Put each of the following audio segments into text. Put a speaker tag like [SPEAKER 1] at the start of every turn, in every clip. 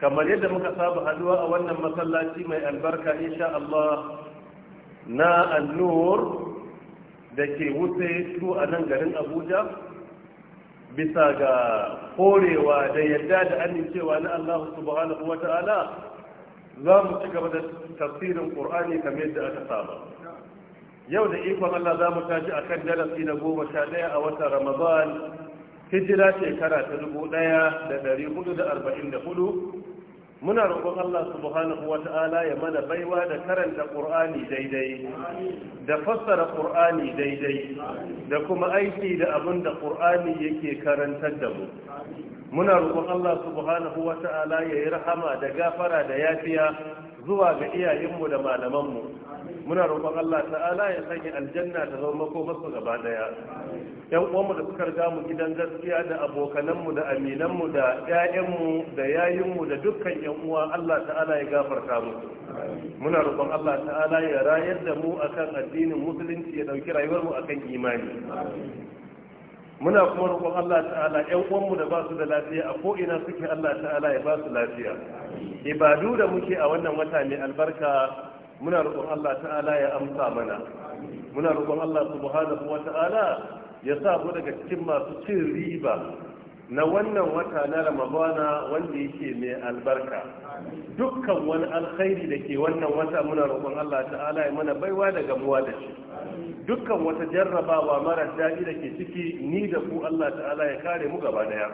[SPEAKER 1] kamar yadda muka saba haduwa a wannan masallaci mai albarka insha Allah na annur da ke wuce su a nan garin abuja bisa ga korewa da yadda da amincewa na Allahu subhanahu wa ta'ala za mu ci gaba da tafsirin ƙur'ani kamar yadda aka saba yau da ikon Allah za mu tashi a kan darasi na goma sha ɗaya a watan ramadan hijira shekara ta dubu ɗaya da ɗari hudu da arba'in da hudu muna roƙon Allah subhanahu wa ta'ala ya mana baiwa da karanta ƙur'ani daidai da fassara ƙur'ani daidai da kuma aiki da abin da ƙur'ani yake karantar da mu muna roƙon Allah subhanahu wa ta'ala ya yi rahama da gafara da yafiya zuwa ga iyayenmu da malamanmu muna roƙon Allah ta'ala ya sanya aljanna ta zama masu gaba daya yan uwanmu da suka riga mu gidan gaskiya da mu da mu da mu da yayinmu da dukkan yan uwa Allah ta'ala ya gafarta mu muna roƙon Allah ta'ala ya rayar da mu akan addinin musulunci ya dauki rayuwar mu akan imani muna kuma roƙon Allah ta'ala ƴan uwanmu da ba su da lafiya a ko'ina suke Allah ta'ala ya ba su lafiya ibadu da muke a wannan wata mai albarka muna roƙon Allah ta'ala ya amsa mana muna roƙon Allah subhanahu wa ta'ala ya sa mu daga cikin masu cin riba na wannan wata na ramadana wanda yake mai albarka dukkan wani alkhairi da ke wannan wata muna roƙon Allah ta'ala ya mana baiwa da gamuwa da shi dukkan wata jarrabawa mara daɗi da ke ciki ni da ku Allah ta'ala ya kare mu gaba daya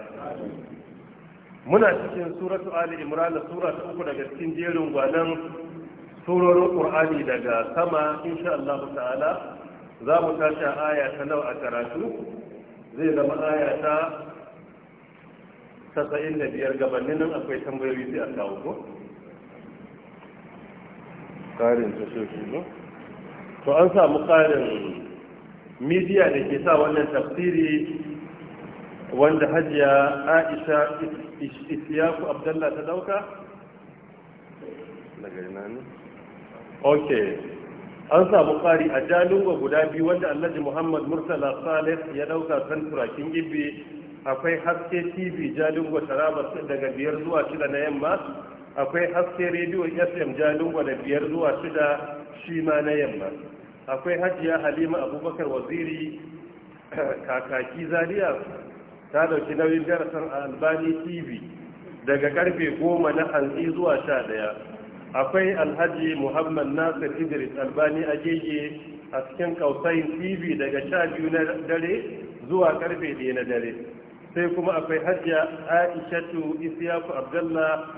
[SPEAKER 1] muna cikin suratu ali imran sura uku daga cikin jerin gwanan surorin ƙur'ani daga sama insha Allah ta'ala za mu tashi aya ta nau a karatu zai zama aya ta tasa'in da biyar gabanin nan akwai tambayoyi sai a kawo ko ƙarin shi ne to an samu ƙarin midiya da ke sa wannan tafsiri wanda hajiya aisha isiyaku abdallah ta dauka daga ina ne ok an samu fari a jalungo guda biyu wanda alhaji muhammad murtala salih ya ɗauka kan turakin gibi akwai haske tv jalungo taraba daga biyar zuwa shida na yamma akwai haske rediyo fm jalungo da biyar zuwa shida shi ma na yamma akwai hajiya halima abubakar waziri kakaki zaria ta dauki nauyin darasan albani tv daga karfe goma na hanzi zuwa sha ɗaya. akwai alhaji muhammad nasir idris albani agege a cikin kausayin tv daga sha biyu na dare zuwa karfe ɗaya na dare sai kuma akwai hajiya aishatu isiyaku abdallah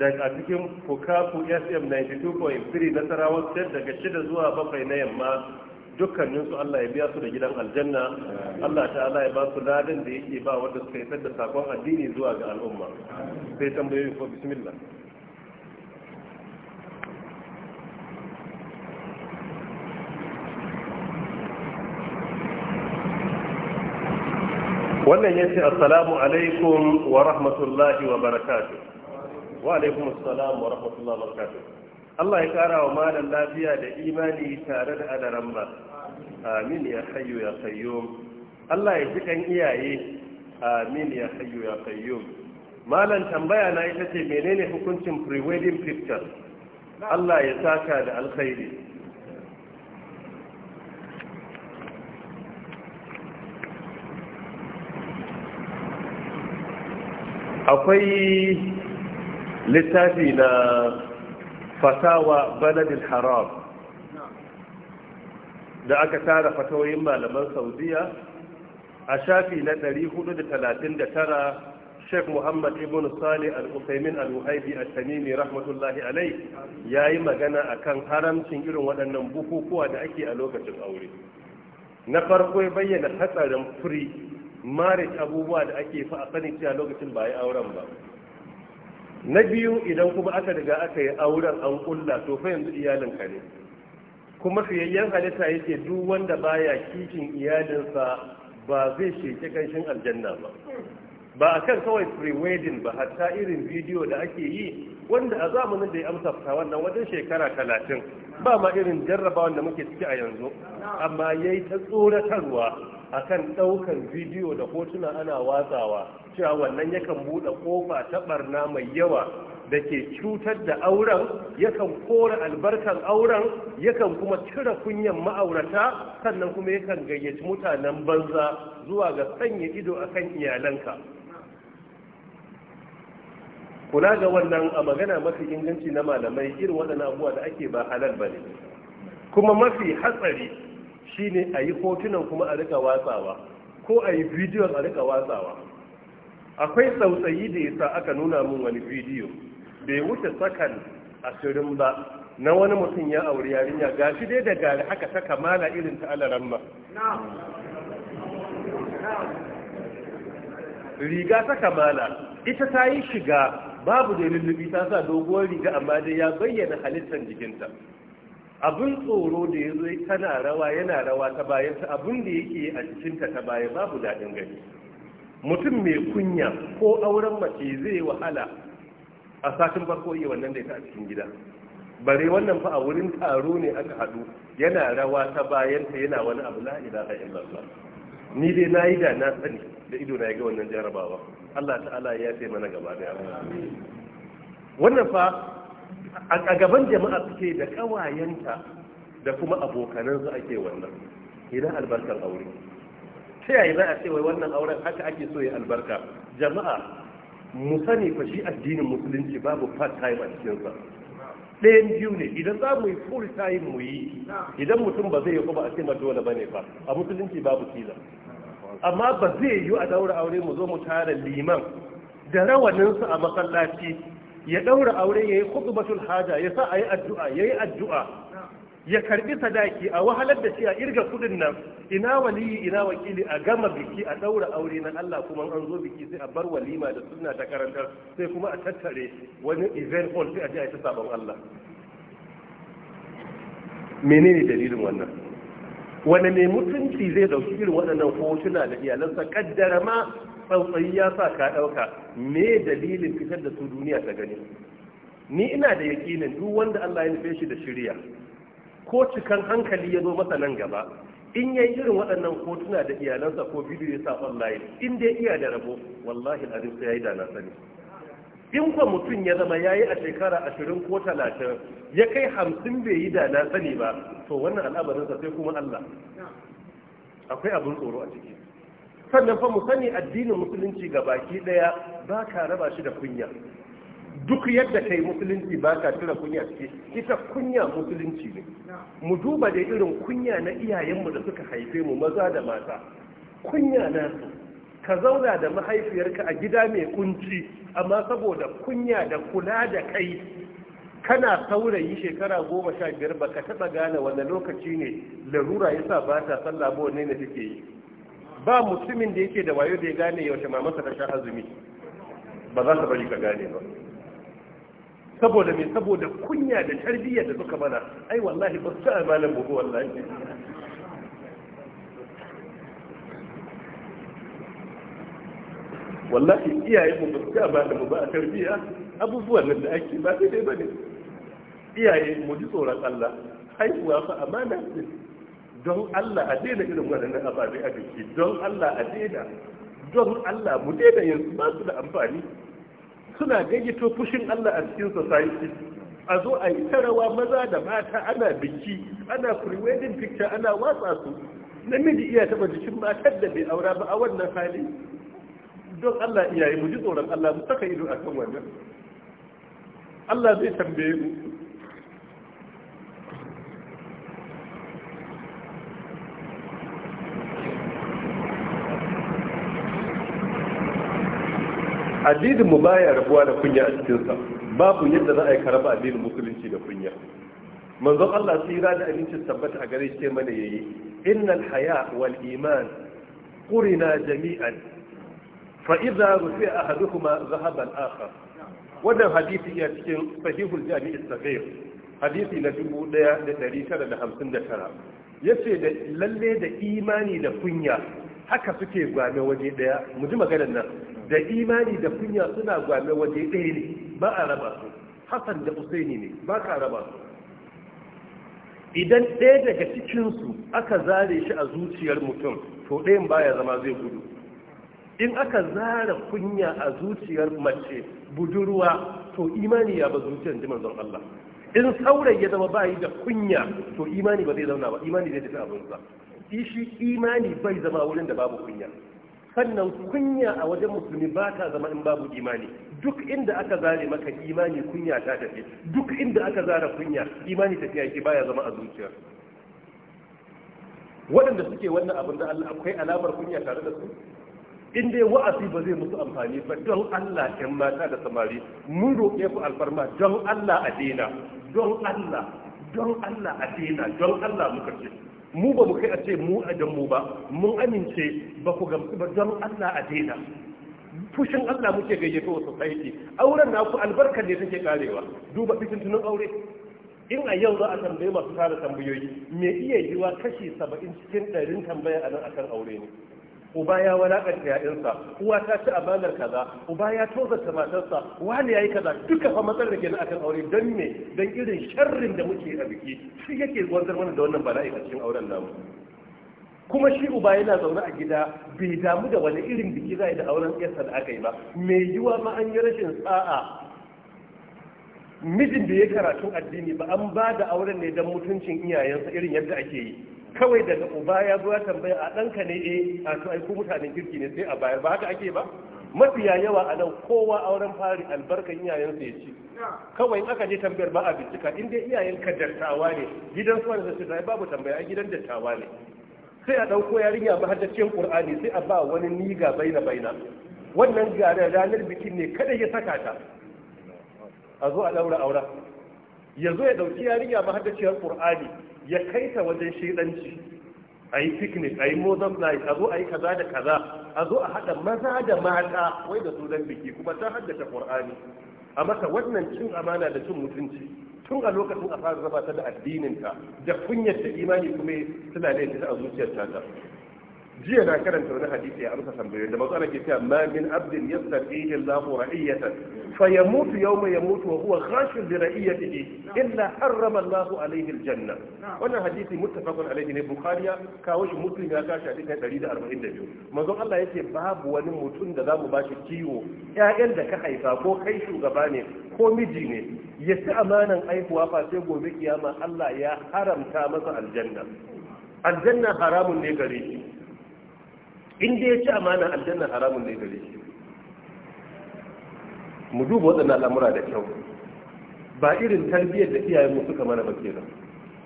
[SPEAKER 1] daga a cikin fukafu sm 92.3 na sarawar state daga shida zuwa bakwai na yamma dukkaninsu allah ya biya su da gidan aljanna allah ta'ala ya ba su ladan da yake ba wanda suka yi da sakon addini zuwa ga al'umma sai tambayoyi ko bismillah wannan ya ce assalamu alaikum wa rahmatullahi wa barakatu wa alaikum assalamu wa rahmatullahi wa barakatu Allah ya kara wa malam lafiya da imani tare da adaran ba amin ya hayyu ya qayyum Allah ya ji kan iyaye amin ya hayyu ya qayyum malam tambaya na ita ce menene hukuncin pre wedding picture Allah ya saka da alkhairi akwai littafi na fasawa baladin haram da aka tara fatawoyin malaman saudiya a shafi na 439 sheikh muhammad ibn salih al-usaimin al-uhaibi al-tamimi rahmatullahi alai ya yi magana a kan haramcin irin waɗannan bukukuwa da ake a lokacin aure na farko ya bayyana hatsarin firi marriage abubuwa da ake fa a sanin cewa lokacin ba yi auren ba na biyu idan kuma aka riga aka yi auren an kulla to fa yanzu iyalin ka ne kuma fiyayyen halitta yake duk wanda baya kishin iyalinsa ba zai sheke kanshin aljanna ba ba a kan kawai pre-wedding ba hatta irin bidiyo da ake yi wanda a zamanin da ya amsa fita wannan wajen shekara talatin ba ma irin jarrabawan da muke ciki a yanzu amma ya yi ta tsoratarwa akan ɗaukan bidiyo da hotuna ana watsawa cewa wannan yakan buɗe kofa ta ɓarna mai yawa da ke cutar da auren yakan kora albarkan auren yakan kuma cire kunyan ma'aurata sannan kuma yakan gayyaci mutanen banza zuwa ga sanya ido akan iyalanka kula ga wannan a magana mafi inganci na malamai irin waɗannan abuwa da ake ba halal ba ne kuma mafi hatsari shine a yi hotunan kuma a rika watsawa ko a yi bidiyon a rika watsawa akwai tsautsayi da ya sa aka nuna min wani bidiyo bai wuce sakan ashirin ba na wani mutum ya auri yarinya gashi dai da gari haka ta kamala irin ta ba riga ta kamala ita ta yi shiga babu da lullubi ta sa doguwar riga amma dai ya bayyana halittar jikinta abin tsoro da ya zo tana rawa yana rawa ta bayan ta abin da yake a cikinta ta baya babu daɗin gani mutum mai kunya ko auren mace zai wahala a satin farko iya wannan da ya a cikin gida bare wannan fa a wurin taro ne aka haɗu yana rawa ta bayan ta yana wani abu la ilaha illallah ni dai na yi da na sani da ido na ga wannan jarabawa Allah ta'ala ya sai mana gaba da wannan fa a gaban jama'a suke da kawayenta da kuma su ake wannan idan albarkar aure ta yaya za a ce wai wannan auren haka ake so ya albarka jama'a mu sani fa shi addinin musulunci babu part time a cikinsa ɗayan biyu ne idan za mu yi full time mu yi idan mutum ba zai yi kuma a ce ma dole bane ba a musulunci babu kila amma ba zai yi a daura aure mu zo mu tara liman da rawaninsu a masallaci ya daura aure yayi khutbatul haja ya sa ayi addu'a ya yi addu'a ya karbi sadaki a wahalar da shi a irga kudin nan ina waliyi ina wakili a gama biki a daura aure na Allah kuma an zo biki sai a bar walima da sunna ta karantar sai kuma a tattare wani event hall sai a je a ta sabon Allah menene dalilin wannan wani mai mutunci zai dauki irin waɗannan hotuna da iyalansa kaddara ma tsautsayi ya sa ka ɗauka me dalilin fitar da su duniya ta gani ni ina da yakinin duk wanda Allah ya nufe shi da shirya ko cikan hankali ya zo masa nan gaba in yayi irin waɗannan hotuna da iyalansa ko bidiyo ya sa online in dai iya da rabo wallahi alazim sai yayi da na sani in kwa mutum ya zama yayi a shekara ashirin ko talatin ya kai hamsin bai yi da na sani ba to wannan al'amarinsa sai kuma Allah akwai abin tsoro a ciki sannan fa mu sani addinin musulunci ga baki daya ba ka raba shi da kunya duk yadda kai musulunci ba ka tura kunya ce ita kunya musulunci ne mu duba da irin kunya na iyayenmu da suka haife mu maza da mata kunya na su ka zauna da mahaifiyarka a gida mai kunci amma saboda kunya da kula da kai kana saurayi shekara goma sha biyar baka taɓa gane wanda lokaci ne larura yasa ba ta sallah ba wanne take yi ba mutumin da yake da wayo da ya gane yaushe mamansa ta sha azumi ba za ta bari ka gane ba saboda me saboda kunya da tarbiyyar da suka mana ai wallahi ba su amalan buhu wallahi wallahi iyaye mu ba su amalan mu ba a tarbiyya abubuwan nan da ake ba sai dai ba ne iyaye mu ji tsoron Allah haihuwa fa amana ce don Allah a daina irin waɗannan ababe a jiki don Allah a daina don Allah mu daina yanzu ba su da amfani suna gayyato fushin Allah a cikin society a zo a yi tarawa maza da mata ana biki ana pre-wedding picture ana watsa su namiji iya taba jikin matar da bai aura ba a wannan hali don Allah iyaye mu ji tsoron Allah mu saka ido a kan wannan Allah zai tambaye mu addinin mu baya rabuwa da kunya a cikinsa babu yadda za a yi karaba addinin musulunci da kunya manzon Allah sai ya da abincin tabbata a gare shi mana yayi innal haya wal iman qurina jami'an fa idza rufi'a ahaduhuma dhahaba al akhar wannan hadisi ya cikin sahihul jami' as-sahih hadisi na 1959 yace da lalle da imani da kunya haka suke gwame waje daya mu ji maganar nan da imani da kunya suna gwame waje daya ne ba a raba su hasan da usaini ne ba ka raba su idan ɗaya daga cikinsu aka zare shi a zuciyar mutum to ɗayan baya zama zai gudu in aka zara kunya a zuciyar mace budurwa to imani ya ba zuciyar ji manzon Allah in saurayi ya zama bayi da kunya to imani ba zai zauna ba imani zai tafi sa. shi imani bai zama wurin da babu kunya sannan kunya a wajen musulmi ba ta zama in babu imani duk inda aka zare maka imani kunya ta tafi duk inda aka zara kunya imani tafiya yake baya zama a zuciya waɗanda suke wannan abin da Allah akwai alamar kunya tare da su in dai wa'azi ba zai musu amfani ba don Allah ƴan mata da samari mun roƙe ku alfarma don Allah a daina don Allah don Allah a daina don Allah mu ce mu ba mu kai a ce mu a mu ba mun amince ba ku gamsu ba don Allah a daina fushin Allah muke gayyato wa society auren naku albarka ne take karewa duba fitintunin aure in a yau za a tambaye masu tara tambayoyi me iya yiwa kashi saba'in cikin ɗarin tambaya a nan akan aure ne uba ya walakanta ya'yansa uwa ta ci amanar kaza uba ya tozarta matarsa wani yayi kaza duka fa matsalar da ke na akan aure dan me dan irin sharrin da muke a biki shi yake wanzar wani da wannan bala'i a cikin auren namu kuma shi uba yana zaune a gida bai damu da wani irin biki za da auren yarsa da aka yi ba mai yiwa ma an yi rashin tsa'a mijin da ya karatun addini ba an ba da auren ne don mutuncin iyayensa irin yadda ake yi kawai daga uba ya zo ya tambaya a ɗanka ne eh a to ai mutanen kirki ne sai a bayar ba haka ake ba mafiya yawa a nan kowa auren fari albarkan iyayensa ya ci kawai in aka je tambayar ba a bincika in dai ka dattawa ne gidan su wanda sai babu tambaya a gidan dattawa ne sai a ɗauko yarinya ba har da cikin qur'ani sai a ba wani niga baina baina wannan gare ranar bikin ne kada ya saka ta a zo a ɗaura aura Yanzu ya ɗauki yarinya ba har da cikin ya kai ta wajen shaidanci a yi picnic a yi modern a zo a yi kaza da kaza a zo a haɗa maza da mata wai da sunan biki kuma ta haddace Kur'ani, a maka wannan cin amana da cin mutunci tun a lokacin a fara zama ta da addininta da kunyar da imani kuma suna da ta a zuciyar ta jiya na karanta wani hadisi ya amsa tambayoyi da mazu ana ke cewa ma min abdin yastafihi Allahu ra'iyatan fa yamutu yawma yamutu wa huwa khashin li ra'iyatihi illa harrama Allahu alayhi janna. wannan hadisi muttafaqun alayhi ne bukhari ya kawo shi muslim ya kashi hadisi 142 mazu Allah yake babu wani mutum da zamu bashi kiwo ƴaƴan da ka haifa ko kai shugaba ne ko miji ne ya ci amanan aihuwa fa sai gobe kiyama Allah ya haramta masa aljanna aljanna haramun ne gare shi Inda ya ci amana aljanna haramun ne gare shi mu duba waɗannan al'amura da kyau ba irin tarbiyyar da iyayen mu suka mana ba kenan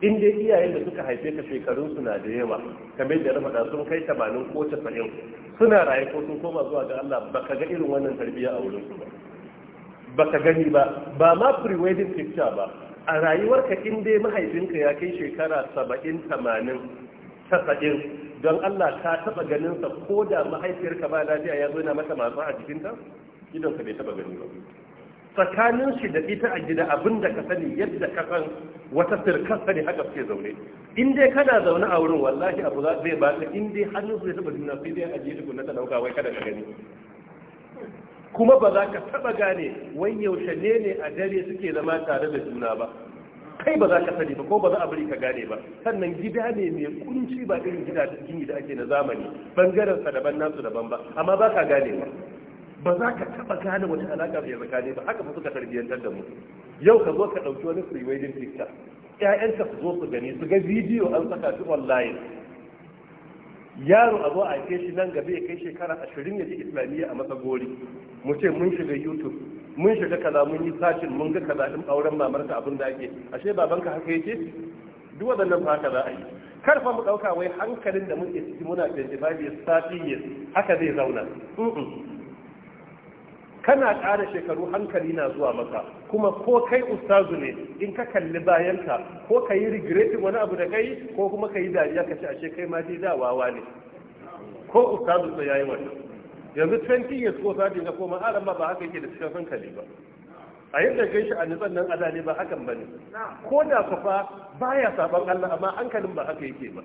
[SPEAKER 1] in dai iyayen da suka haife ka shekarun suna da yawa kamar da na sun kai tamanin ko casa'in suna raye ko sun koma zuwa ga Allah ba ka ga irin wannan tarbiyya a wurin su ba ka gani ba ba ma pre-wedding picture ba a rayuwarka in dai mahaifinka ya kai shekara saba'in tamanin casa'in don Allah ka taba ganin sa ko da mahaifiyarka ba lafiya ya zo yana mata masu a ta idan ka bai taba gani ba tsakanin shi da ita a gida abin da ka sani yadda ka san wata firkan sani haka suke zaune in dai kana zaune a wurin wallahi abu zai ba ta in dai hannun su ya taba juna sai dai a je tukun na talauka wai kada ka gani kuma ba za ka taba gane wai yaushe ne ne a dare suke zama tare da juna ba kai ba za ka sani ba ko ba za a bari ka gane ba sannan gida ne mai kunci ba irin gida da gini da ake na zamani bangaren sa daban nasu daban ba amma ba ka gane ba
[SPEAKER 2] ba za ka taba gane
[SPEAKER 1] wata alaka mai tsakani ba haka fa suka tarbiyyantar da mu yau ka zo ka dauki wani free wedding picture ka su zo su gani su ga bidiyo an saka shi online yaro a zo a kai shi nan gaba ya kai shekara ashirin ya ji islamiyya a gori mu ce mun shiga youtube mun shiga kaza mun yi sashin mun ga kaza din auren mamarka abin da ake ashe babanka haka yake duk waɗannan fa haka za a yi kar fa mu ɗauka wai hankalin da muke ciki muna 25 years 30 years haka zai zauna kana ƙara shekaru hankali na zuwa maka kuma ko kai ustazu ne in ka kalli bayanka ko ka yi regretin wani abu da kai ko kuma ka yi dariya ka ce ashe kai ma dai da wawa ne ko ustazu sai yayi wannan yanzu 20 years ko sadi na koma aran ba haka yake da cikin hankali ba a yadda gan shi a nitsan nan azali ba hakan ba ne ko da ku fa ya saban Allah amma hankalin ba haka yake ba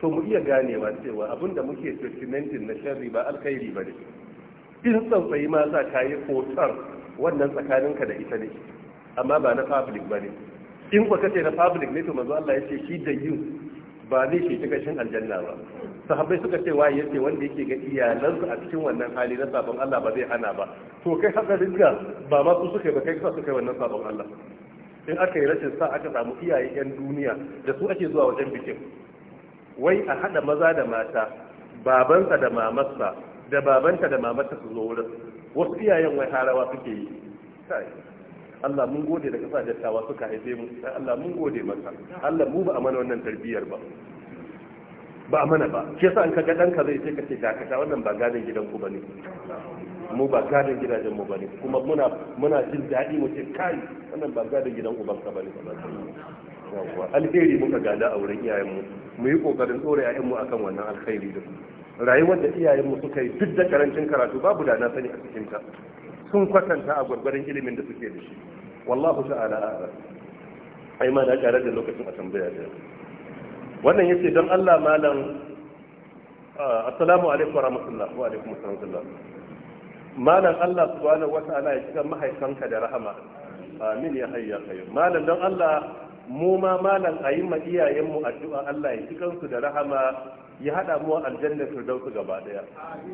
[SPEAKER 1] to mu iya ganewa cewa abinda muke testamentin na sharri ba alkhairi ba ne in tsautsayi ma sa ka yi kotar wannan tsakaninka da ita ne amma ba na public ba ne in ku kace na public ne to manzo Allah ya ce shi da yin ba zai shi ta aljanna ba sahabbai suka ce waye yace wanda yake ga iyalansu a cikin wannan hali na sabon Allah ba zai hana ba to kai haka dinka ba ma su suka ba kai ka suka wannan sabon Allah in aka yi rashin sa aka samu iyaye yan duniya da su ake zuwa wajen bikin wai a hada maza da mata babansa da mamarsa da babanta da mamarsa su zo wurin wasu iyayen wai harawa suke yi Allah mun gode da kasa dattawa suka haife mu sai Allah mun gode masa Allah mu ba a mana wannan tarbiyyar ba ba a mana ba ke sa an ka ga danka zai ce ka ce k'a ta wannan ba gadan gidan ku bane mu ba gadan gidajen mu bane kuma muna muna jin daɗi mu ce kai wannan ba gadan gidan uban ka bane alheri muka gada a wurin iyayen mu Mu yi kokarin tsore mu akan wannan alkhairi din rayuwar da iyayen mu suka yi duk da karancin karatu babu da na sani a cikin ta sun kwatanta a gwargwarin ilimin da suke da shi wallahu ta'ala a'lam ai ma na ƙarar da lokacin a tambaya da wannan yace don Allah malam assalamu alaikum wa rahmatullah wa alaikum assalam malam Allah subhanahu wa ta'ala ya cika mahaifanka da rahama amin ya hayya kayo malam don Allah mu ma malam a yi ma iyayenmu addu'a Allah ya ci kansu da rahama ya haɗa mu aljanna firdausu gaba daya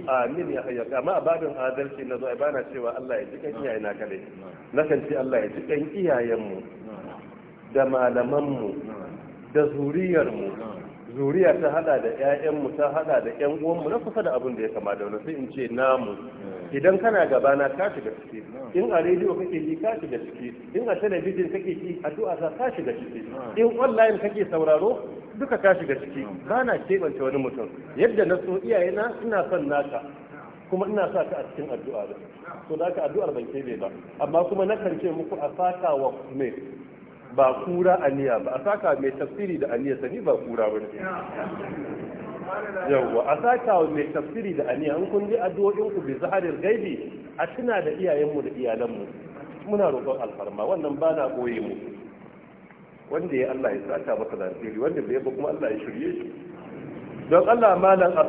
[SPEAKER 1] amin ya hayya amma a adalci na zo bana cewa Allah ya ci kan iyayen na kadai na kan ce Allah ya ci kan iyayenmu da malamanmu da zuriyarmu zuriya ta hada da 'ya'yanmu ta hada da 'yan uwanmu na kusa da abin da ya kama da wani sai in ce namu idan kana gaba na ka shiga ciki in a rediyo kake yi ka shiga ciki in a talabijin kake yi du'a ta ka shiga ciki in online kake sauraro duka ka shiga ciki ba na kebanta wani mutum yadda na so iyayena ina son naka kuma ina sa ka a cikin addu'a da So da ka addu'ar ban kebe ba amma kuma na kance muku a saka wa me ba kura aniya ba a saka mai tafsiri da aniya sani ba kura ba ne yawwa a saka mai tafsiri da aniya in kun ji addu'o'in ku bi zaharir gaibi a tuna da iyayenmu da iyalanmu muna roƙon alfarma wannan ba na koye mu wanda ya Allah ya saka masa da alheri wanda bai ba kuma Allah ya shirye shi don Allah malan a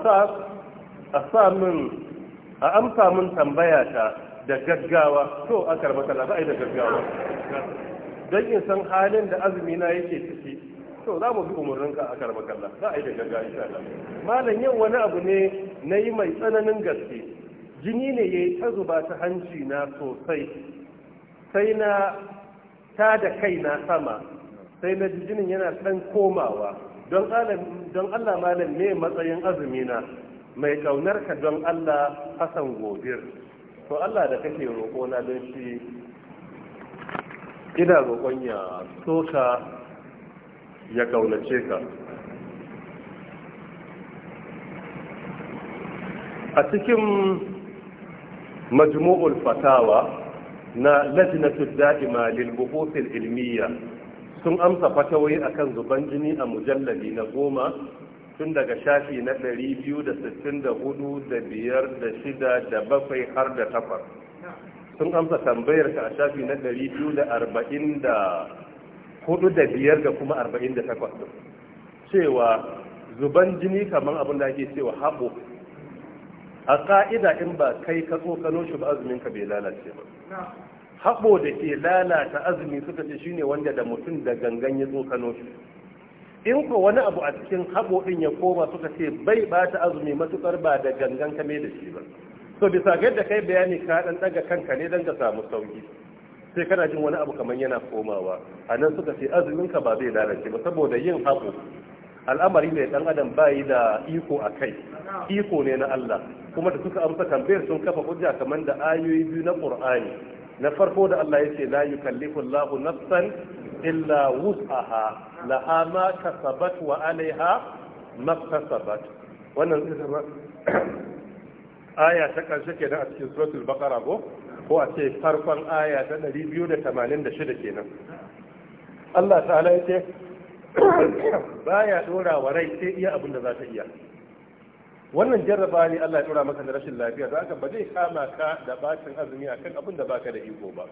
[SPEAKER 1] sa a min a amsa min tambaya ta da gaggawa to a karbata la ba da gaggawa don in san halin da azumi na yake ciki to za mu bi umarninka a karba kalla za a yi da gaggawa insha Allah malam yau wani abu ne na yi mai tsananin gaske jini ne ya yi ta zuba ta hanci na sosai sai na ta da kai na sama sai na jinin yana ɗan komawa don Allah malam ne matsayin azumi na mai ƙaunar ka don Allah Hassan Gobir to Allah da kake na don shi ina roƙon ya soka ya kaunace ka a cikin majmu'ul fatawa na lajnatul da'ima lil buhuthil ilmiya sun amsa fatawai akan zuban jini a mujallali na goma tun daga shafi na 264 da biyar da shida da bakwai har da takwas sun amsa tambayar ka a shafi na 240 da hudu da biyar da kuma arba'in da takwas cewa zuban jini kamar abin da ake cewa haɓo a ƙa'ida in ba kai ka tsokano shi ba azumin ka bai lalace ba haɓo da ke lalata azumi suka ce shine wanda da mutum da gangan ya tsokano shi in ko wani abu a cikin haɓo ɗin ya koma suka ce bai ɓata azumi matuƙar ba da gangan mai da shi ba so bisa ga yadda kai bayani ka ɗan ɗaga kanka ne don ka samu sauki sai kana jin wani abu kamar yana komawa a nan suka ce azuminka ba zai lalace ba saboda yin haku al'amari ne dan adam bayi da iko a kai iko ne na Allah kuma da suka amsa tambayar sun kafa hujja kamar da ayoyi biyu na Qur'ani na farko da Allah yace la yukallifu Allahu nafsan illa wus'aha laha ma kasabat wa 'alayha ma kasabat wannan aya ta karshe kenan a cikin suratul baqara ko ko a ce farkon aya ta 286 kenan Allah ta'ala yake baya dora wa rai sai iya abin da za ta iya wannan jarraba ne Allah ya dora maka da rashin lafiya za ka ba zai kama ka da bacin azumi akan abin da baka da iko ba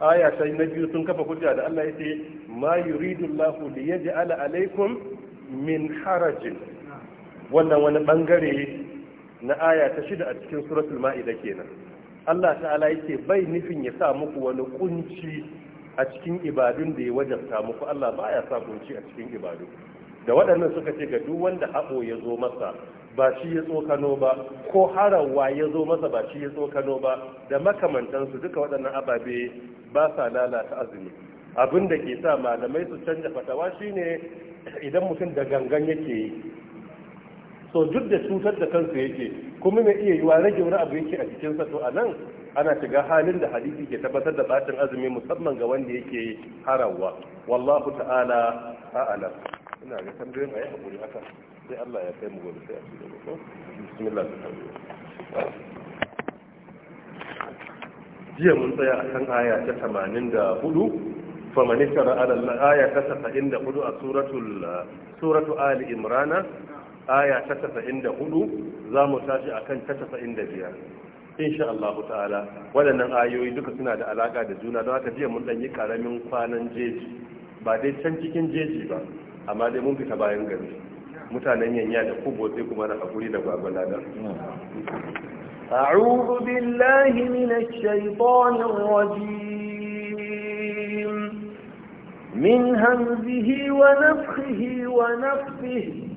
[SPEAKER 1] aya ta na biyu sun kafa hujja da Allah yake ma yuridu Allahu li yaj'ala alaykum min harajin wannan wani bangare na aya ta shida a cikin suratul ma'ida kenan Allah ta'ala yake bai nufin ya sa muku wani kunci a cikin ibadun da ya wajabta muku Allah baya sa kunci a cikin ibadu da waɗannan suka ce ga duk wanda haɓo ya zo masa ba shi ya tsokano ba ko harawa ya zo masa ba shi ya tsokano ba da makamantansu duka waɗannan ababe ba sa lalata azumi abin da ke sa malamai su canja fatawa shine idan mutum da gangan yake so duk da cutar da kansa yake kuma mai iya yiwa rage wani abu yake a cikinsa to a nan ana shiga halin da hadisi ke tabbatar da bacin azumi musamman ga wanda yake harawa wallahu ta'ala a'lam ina ga tambayoyin ayi hakuri haka sai Allah ya kai mu gobe sai a ci gaba ko bismillah jiya mun tsaya a kan aya ta 84 فمن افترى على الآية 94 سورة سورة آل Imrana. aya ta tasa'in da hudu za mu tashi a kan ta tasa'in da biyar insha Allah ta'ala waɗannan ayoyi duka suna da alaƙa da juna don haka jiya mun ɗan yi ƙaramin kwanan jeji ba dai can cikin jeji ba amma dai mun fita bayan gari mutanen yanya da kubo sai kuma na hakuri da gwagwala da أعوذ
[SPEAKER 2] بالله من الشيطان الرجيم من همزه ونفخه ونفخه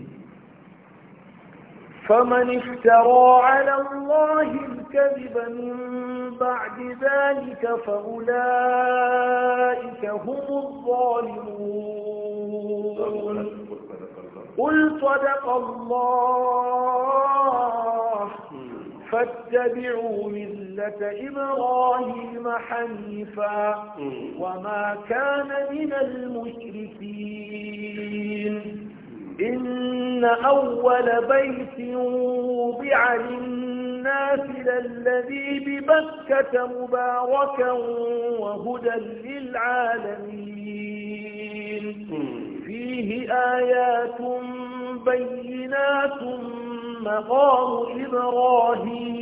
[SPEAKER 2] فمن افترى على الله الكذب من بعد ذلك فأولئك هم الظالمون قل صدق الله فاتبعوا ملة إبراهيم حنيفا وما كان من المشركين إن أول بيت وضع للناس للذي ببكة مباركا وهدى للعالمين فيه آيات بينات مقام إبراهيم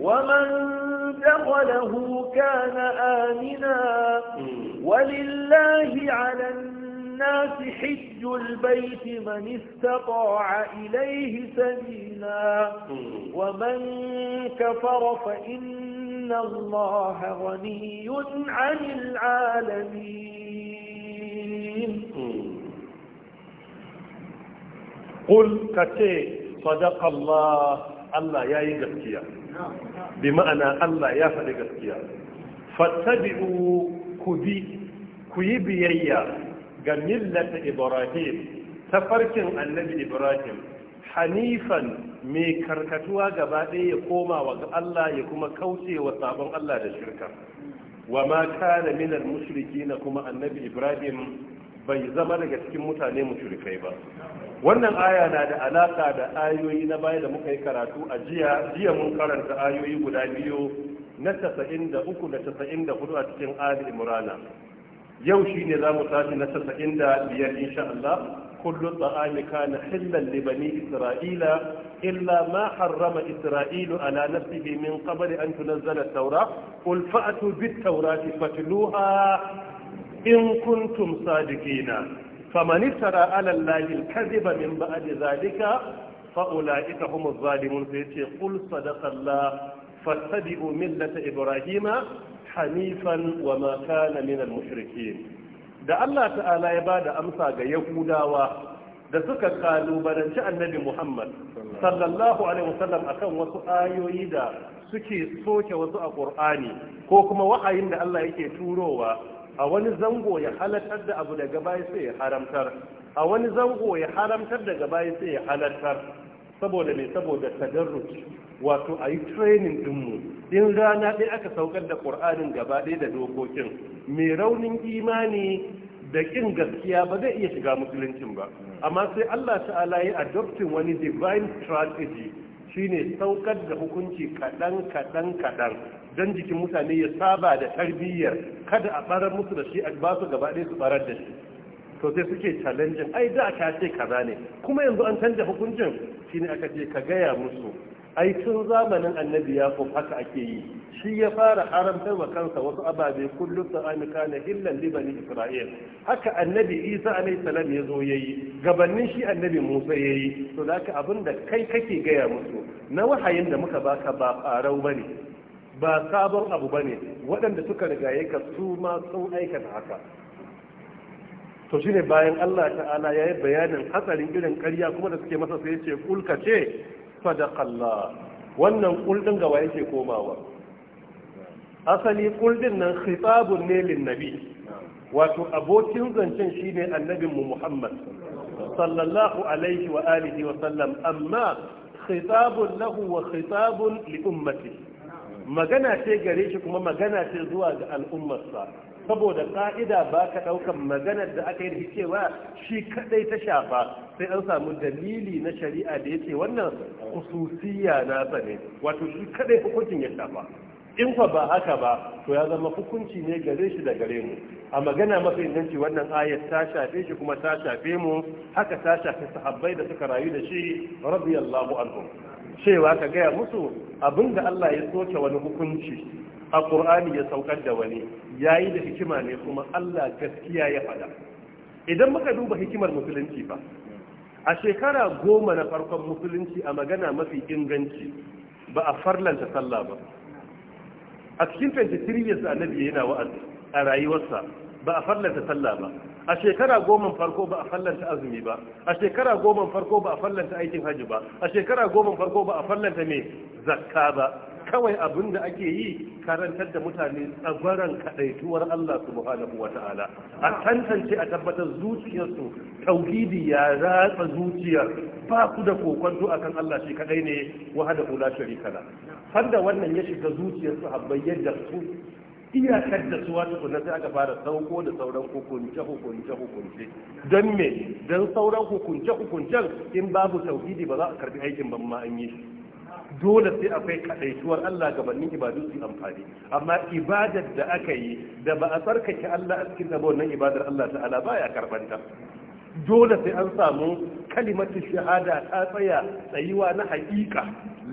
[SPEAKER 2] ومن دخله كان آمنا ولله على الناس للناس حج البيت من استطاع إليه سبيلا ومن كفر فإن الله غني عن العالمين
[SPEAKER 1] قل كتي صدق الله الله يا يغسكيا بمعنى الله يا فلغسكيا فاتبعوا كبي كيبيا ga millata ibrahim farkin annabi ibrahim hanifan mai karkatuwa gaba ɗaya ya koma wa Allah ya kuma kauce wa sabon Allah da shirka wa ma kana minal na kuma annabi ibrahim bai zama daga cikin mutane mushrikai ba wannan aya na da alaka da ayoyi na baya da muka yi karatu a jiya jiya mun karanta ayoyi guda biyu na 93 da 94 a cikin ali imrana yau shi ne za mu tashi na tasa'in da biyar insha Allah kullu ta'ami kana hillan li isra'ila illa ma harrama isra'ilu ala nafsihi min qabl an tunzala at-taura qul fa'tu bit tawrati fatluha in kuntum sadiqina faman tara ala allahi al-kadhiba min ba'di dhalika fa ulaika humuz zalimun fa yace qul sadaqa allah fattabi'u millata ibrahima hanifan wa ma kana min al-mushrikin da Allah ta'ala ya bada amsa ga yahudawa da suka kalubalanci annabi Muhammad sallallahu alaihi wasallam akan wasu ayoyi da suke soke wasu a Qur'ani ko kuma wa'ayin da Allah yake turowa a wani zango ya halatar da abu daga baya sai ya haramtar a wani zango ya haramtar daga baya sai ya halartar saboda me saboda tadarruci wato a yi training dinmu din rana ɗaya aka saukar da ƙur'anin gaba da dokokin mai raunin imani da ƙin gaskiya ba zai iya shiga musuluncin ba amma sai allah ta'ala ya adoptin wani divine strategy shine saukar da hukunci kaɗan kaɗan kaɗan don jikin mutane ya saba da tarbiyyar kada a ɓarar musu da shi a ba su gaba ɗaya su ɓarar da shi to sai suke challenging ai da aka ce kaza ne kuma yanzu an canza hukuncin shine aka ce ka gaya musu ai tun zamanin annabi yakub haka ake yi shi ya fara haramtar wa kansa wasu ababe kullum sun ami kana hillan li bani isra'il haka annabi isa alayhi salam ya zo yayi gabanin shi annabi musa yayi to zaka abin da kai kake gaya musu na wahayin da muka baka ba farau bane ba sabon abu bane waɗanda suka rigaye ka su ma sun aikata haka to shine bayan Allah ta'ala ya yi bayanin hatsarin irin ƙarya kuma da suke masa sai ya ce kulka ce sadaqallah wannan kuldin gaba yake komawa asali kuldin nan khitabun ne lin nabi wato abokin zancen shine annabin mu Muhammad sallallahu alaihi wa alihi wa sallam amma khitabun lahu wa khitabun li ummati magana ce gare shi kuma magana ce zuwa ga al'ummarsa saboda ka'ida ba ka ɗaukan maganar da aka yi da cewa shi kaɗai ta shafa sai an samu dalili na shari'a da ya ce wannan Kususiya na ne wato shi kadai hukuncin ya shafa in fa ba haka ba to ya zama hukunci ne gare shi da gare mu a magana mafi inganci wannan ayat ta shafe shi kuma ta shafe mu haka ta shafe sahabbai da suka rayu da shi radiyallahu anhu cewa ka gaya musu abinda Allah ya soke wani hukunci a Qur'ani ya saukar da wani yayi da hikima ne kuma Allah gaskiya ya faɗa idan muka duba hikimar musulunci ba a shekara goma na farkon musulunci a magana mafi inganci ba a farlanta sallah ba a cikin 23 years annabi yana wa'azi a rayuwarsa ba a farlanta sallah ba a shekara goma farko ba a farlanta azumi ba a shekara goma farko ba a farlanta aikin hajji ba a shekara goma farko ba a farlanta mai zakka ba kawai abin da ake yi karantar da mutane tsagwaron kadaituwar Allah subhanahu ta'ala, a tantance a tabbatar zuciyarsu tauhidi ya ratsa zuciyar ba ku da kokonto akan Allah shi kadai ne wahada la sharika la sanda wannan ya shiga zuciyar sahabbai yadda su iyakar da su wata kuna sai aka fara sauko da sauran hukunce hukunce hukunce don me don sauran hukunce hukuncen in babu tauhidi ba za a karbi aikin ban ma an yi dole sai akwai kadaituwar Allah gabanin ibadu su amfani amma ibadar da aka yi da ba a tsarkake Allah a cikin ta wannan ibadar Allah ta'ala baya karbanta dole sai an samu kalimatu shahada ta tsaya tsayiwa na haƙiƙa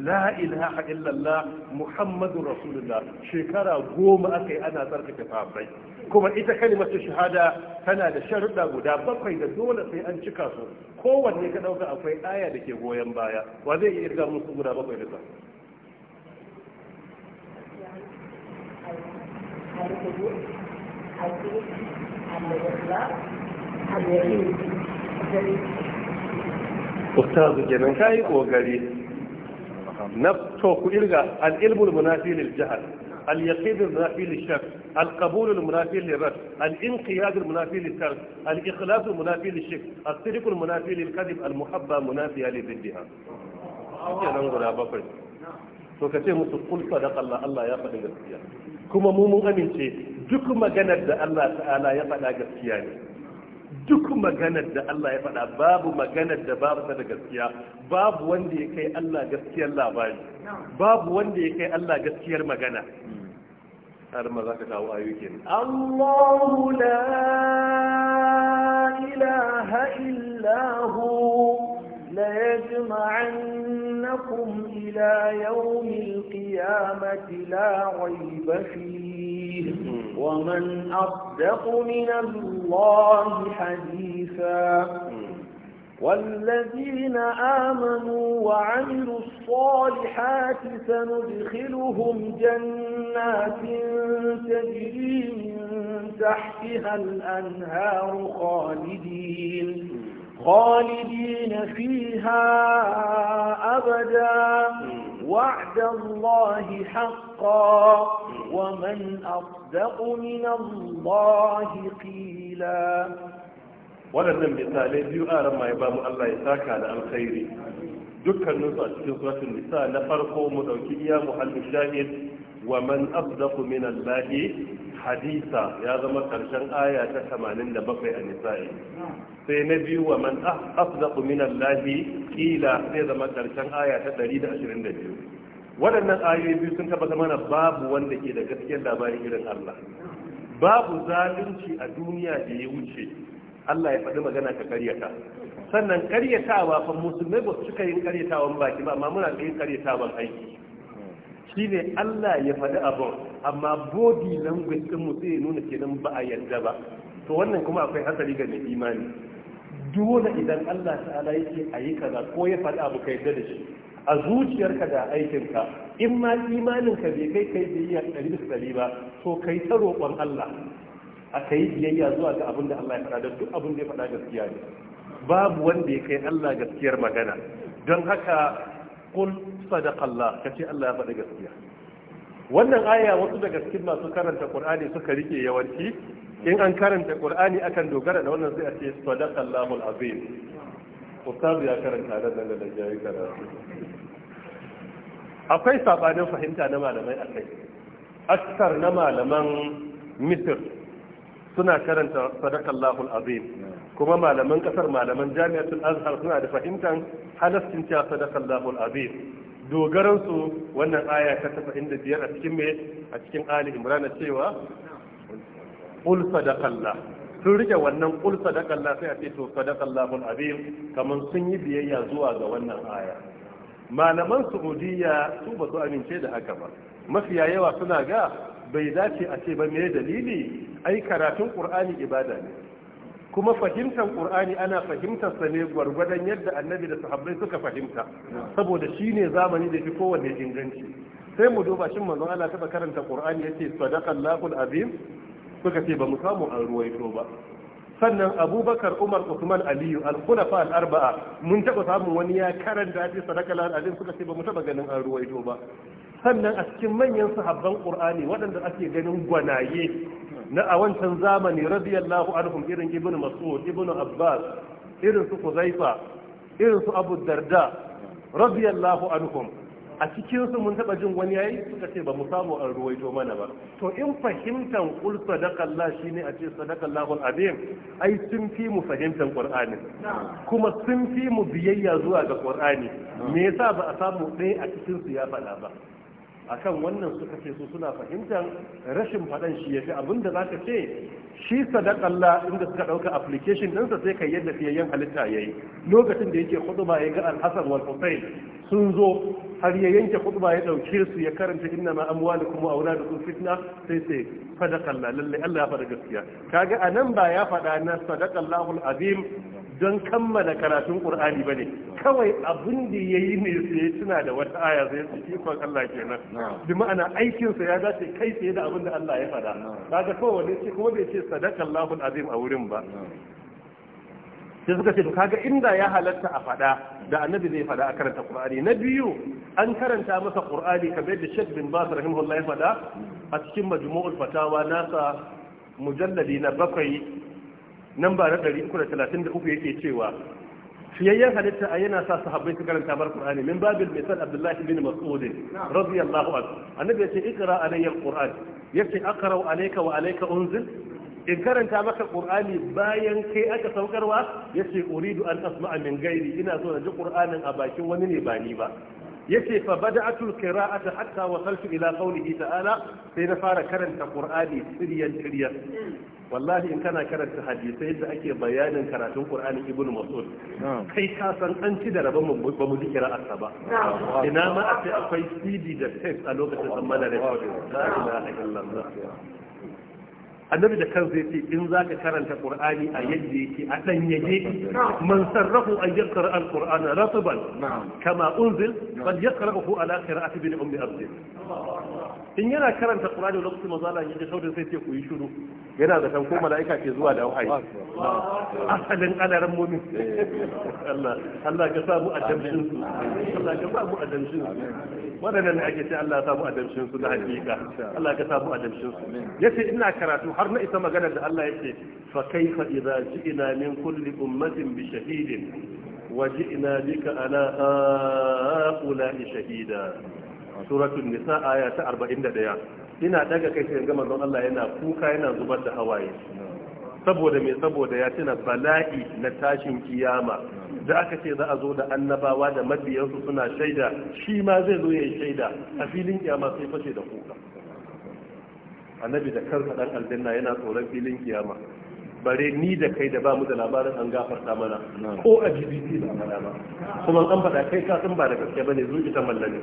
[SPEAKER 1] la ilaha illallah muhammadur rasulullah shekara goma aka yi ana tsarkake fafai. kuma ita kalimatu shahada tana da sharuɗa guda bakwai da dole sai an cika su kowanne ka ɗauka akwai aya da ke goyon baya wa zai iya irga musu guda bakwai da Ustazu kenan kayi ƙoƙari na to ku irga al-ilmul munafi lil jahal اليقين المنافي للشك القبول المنافي للرد الانقياد المنافي للترك الإخلاص المنافي للشك الصدق المنافي للكذب المحبة منافية لضدها to ka ce musu kul da Allah Allah ya faɗi gaskiya kuma mu mun amince duk maganar da Allah ta'ala ya faɗa gaskiya ne duk maganar da Allah ya faɗa babu maganar da babu ta da gaskiya babu wanda ya kai Allah gaskiyar labari babu wanda ya kai Allah gaskiyar magana har ma za ka kawo ayu kenan
[SPEAKER 2] Allahu la ilaha illa hu ليجمعنكم إلى يوم القيامة لا ريب فيه ومن أصدق من الله حديثا والذين آمنوا وعملوا الصالحات سندخلهم جنات تجري من تحتها الأنهار خالدين خالدين فيها أبدا وعد الله حقا ومن أصدق من الله قيلا
[SPEAKER 1] waɗannan misalai biyu a ran ya bamu Allah ya saka da alkhairi dukkanin su a cikin suratul nisa na farko mu dauki iya muhallin shahid wa man asdaqu min allahi hadisa ya zama karshen aya ta 87 a nisa'i sai na biyu wa man ah, afdaqu min allahi kila sai zama karshen aya ta 122 waɗannan ayoyi biyu sun tabbata mana babu wanda ke da gaskiyar labarin irin Allah babu zalunci a duniya da ya wuce Allah ya faɗi magana ka karyata sannan karyatawa fa musulmai ba su cika yin karyatawan baki ba amma muna yin karyatawan aiki Shi ne Allah ya faɗi abu amma bodi language ɗin mu ya nuna kenan ba a yarda ba to wannan kuma akwai hatsari ga mai imani dole idan Allah ta'ala yake yi kaza ko ya faɗi abu ka yadda da shi a zuciyarka da aikinka in ma imaninka bai kai kai biyayya ɗari da ɗari ba to kai ta roƙon Allah a kai biyayya zuwa ga abin da Allah ya faɗa don duk abin da ya faɗa gaskiya ne babu wanda ya kai Allah gaskiyar magana don haka Kul sadaqallah kace Allah ya faɗi gaskiya wannan aya wasu daga cikin masu karanta Qur'ani suka rike yawanci in an karanta Qur'ani akan dogara da wannan sai a ce sadaqallahul azim ya karanta da nan da jayi karatu akwai sabanin fahimta na malamai akai aksar na malaman misr suna karanta sadakallahul azim kuma malaman kasar malaman jami'atul azhar suna da fahimtar halascin cewa sadakallahul azim dogaran su wannan aya ta biyar a cikin me a cikin ali imran cewa qul sadakallah sun rike wannan qul sadakallah sai a ce to sadakallahul azim kamar sun yi biyayya zuwa ga wannan aya malaman saudiya su ba su amince da haka ba mafiya yawa suna ga bai dace a ce ba me dalili ai karatun qur'ani ibada ne kuma fahimtar qur'ani ana fahimtar sa ne gwargwadon yadda annabi da sahabbai suka fahimta saboda shine zamani da fi kowanne inganci sai mu duba shin manzon Allah taba karanta qur'ani yace sadaqallahu azim suka ce ba mu samu an ruwaito ba sannan abubakar umar usman aliyu al-khulafa al-arba'a mun taba samun wani ya karanta a ce sadaqallahu azim suka ce ba mu taba ganin an ruwaito ba sannan a cikin manyan sahabban qur'ani waɗanda ake ganin gwanaye na a wancan zamani radiyallahu anhum irin ibnu mas'ud ibnu abbas irin su kuzaifa irin su abu darda radiyallahu anhum a cikin su mun taba jin wani yayi suka ce ba mu samu an ruwaito mana ba to in fahimtan qul sadaqallah shine a ce sadaqallahu alazim ai sun fi mu fahimtan qur'ani kuma sun fi mu biyayya zuwa ga qur'ani me yasa ba a samu ɗaya a cikin su ya faɗa ba akan wannan suka ce su suna fahimtar rashin faɗan shi yafi abinda za ka ce shi sadakalla inda suka ɗauka application ɗinsa sai kai yadda yin halitta ya yi lokacin da yake huduma ya ga alhassan wal hussein sun zo har ya yanke huduma ya ɗauke su ya karanta inna ma da kuma auna da sun fitna sai sai sadakalla lallai allah ya faɗa gaskiya kaga a nan ba ya faɗa na Lahul azim don kammala karatun ba ne kawai abin da yayi ne sai ya tuna da wata aya sai ya ikon Allah kenan bi ma'ana aikinsa ya dace kai tsaye da abin da Allah ya faɗa kaga kawai wani ce kuma bai ce sadaqallahu azim a wurin ba sai suka ce to kaga inda ya halatta a fada da annabi zai fada a karanta ƙur'ani na biyu an karanta masa ƙur'ani kamar da Sheikh bin Baz rahimahullah ya fada a cikin majmu'ul fatawa nasa mujalladi na bakwai nan ba na 333 yake cewa fiyayyen halitta a yana sa sahabbai su karanta bar qur'ani min babil misal abdullahi bin mas'ud radiyallahu anhu annabi yace ikra alayya alquran yace aqra alayka wa alayka unzil in karanta maka qur'ani bayan kai aka saukarwa yace uridu an asma'a min gairi ina so na ji qur'anin a bakin wani ne ba ni ba yace fa bada'atul qira'ata hatta wasaltu ila qawlihi ta'ala sai na fara karanta qur'ani siriyan siriyan wallahi in kana karanta hadisai da ake bayanin karatun qur'ani ibnu mas'ud kai ka san an ci da rabon mu ba mu dikira asa ba ina ma akwai cd da tape a lokacin san mana da la ilaha illallah annabi da kansa yace in zaka karanta qur'ani a yadda yake a dan yaje man sarrafu an yaqra al-qur'ana kama unzil fal yaqra'uhu ala qira'ati bi ummi abd in yana karanta Qur'ani lokacin manzo Allah yake saudin sai ce ku yi shiru yana da kan malaika ke zuwa da wahayi asalin alaran mumin Allah Allah ka samu adamshin su Allah ka samu adamshin su wadannan ake ce Allah ya samu adamshin su na hakika Allah ka samu adamshin su yace ina karatu har na isa magana da Allah yake fa kaifa idza ji'na min kulli ummatin bi shahidin وجئنا بك على هؤلاء شهيدا suratun nisa aya ta 41 ina daga kai sai ga manzon Allah yana kuka yana zubar da hawaye saboda me saboda ya tuna bala'i na tashin kiyama da aka ce za a zo da annabawa da mabiyansu suna shaida shi ma zai zo yayin shaida a filin kiyama sai fashe da kuka annabi da karka dan aljanna yana tsoron filin kiyama bare ni da kai da ba mu da labarin an gafarta mana ko a GBT ba faɗa ba kuma an faɗa kai ka san ba da gaske ne, zuci ta mallane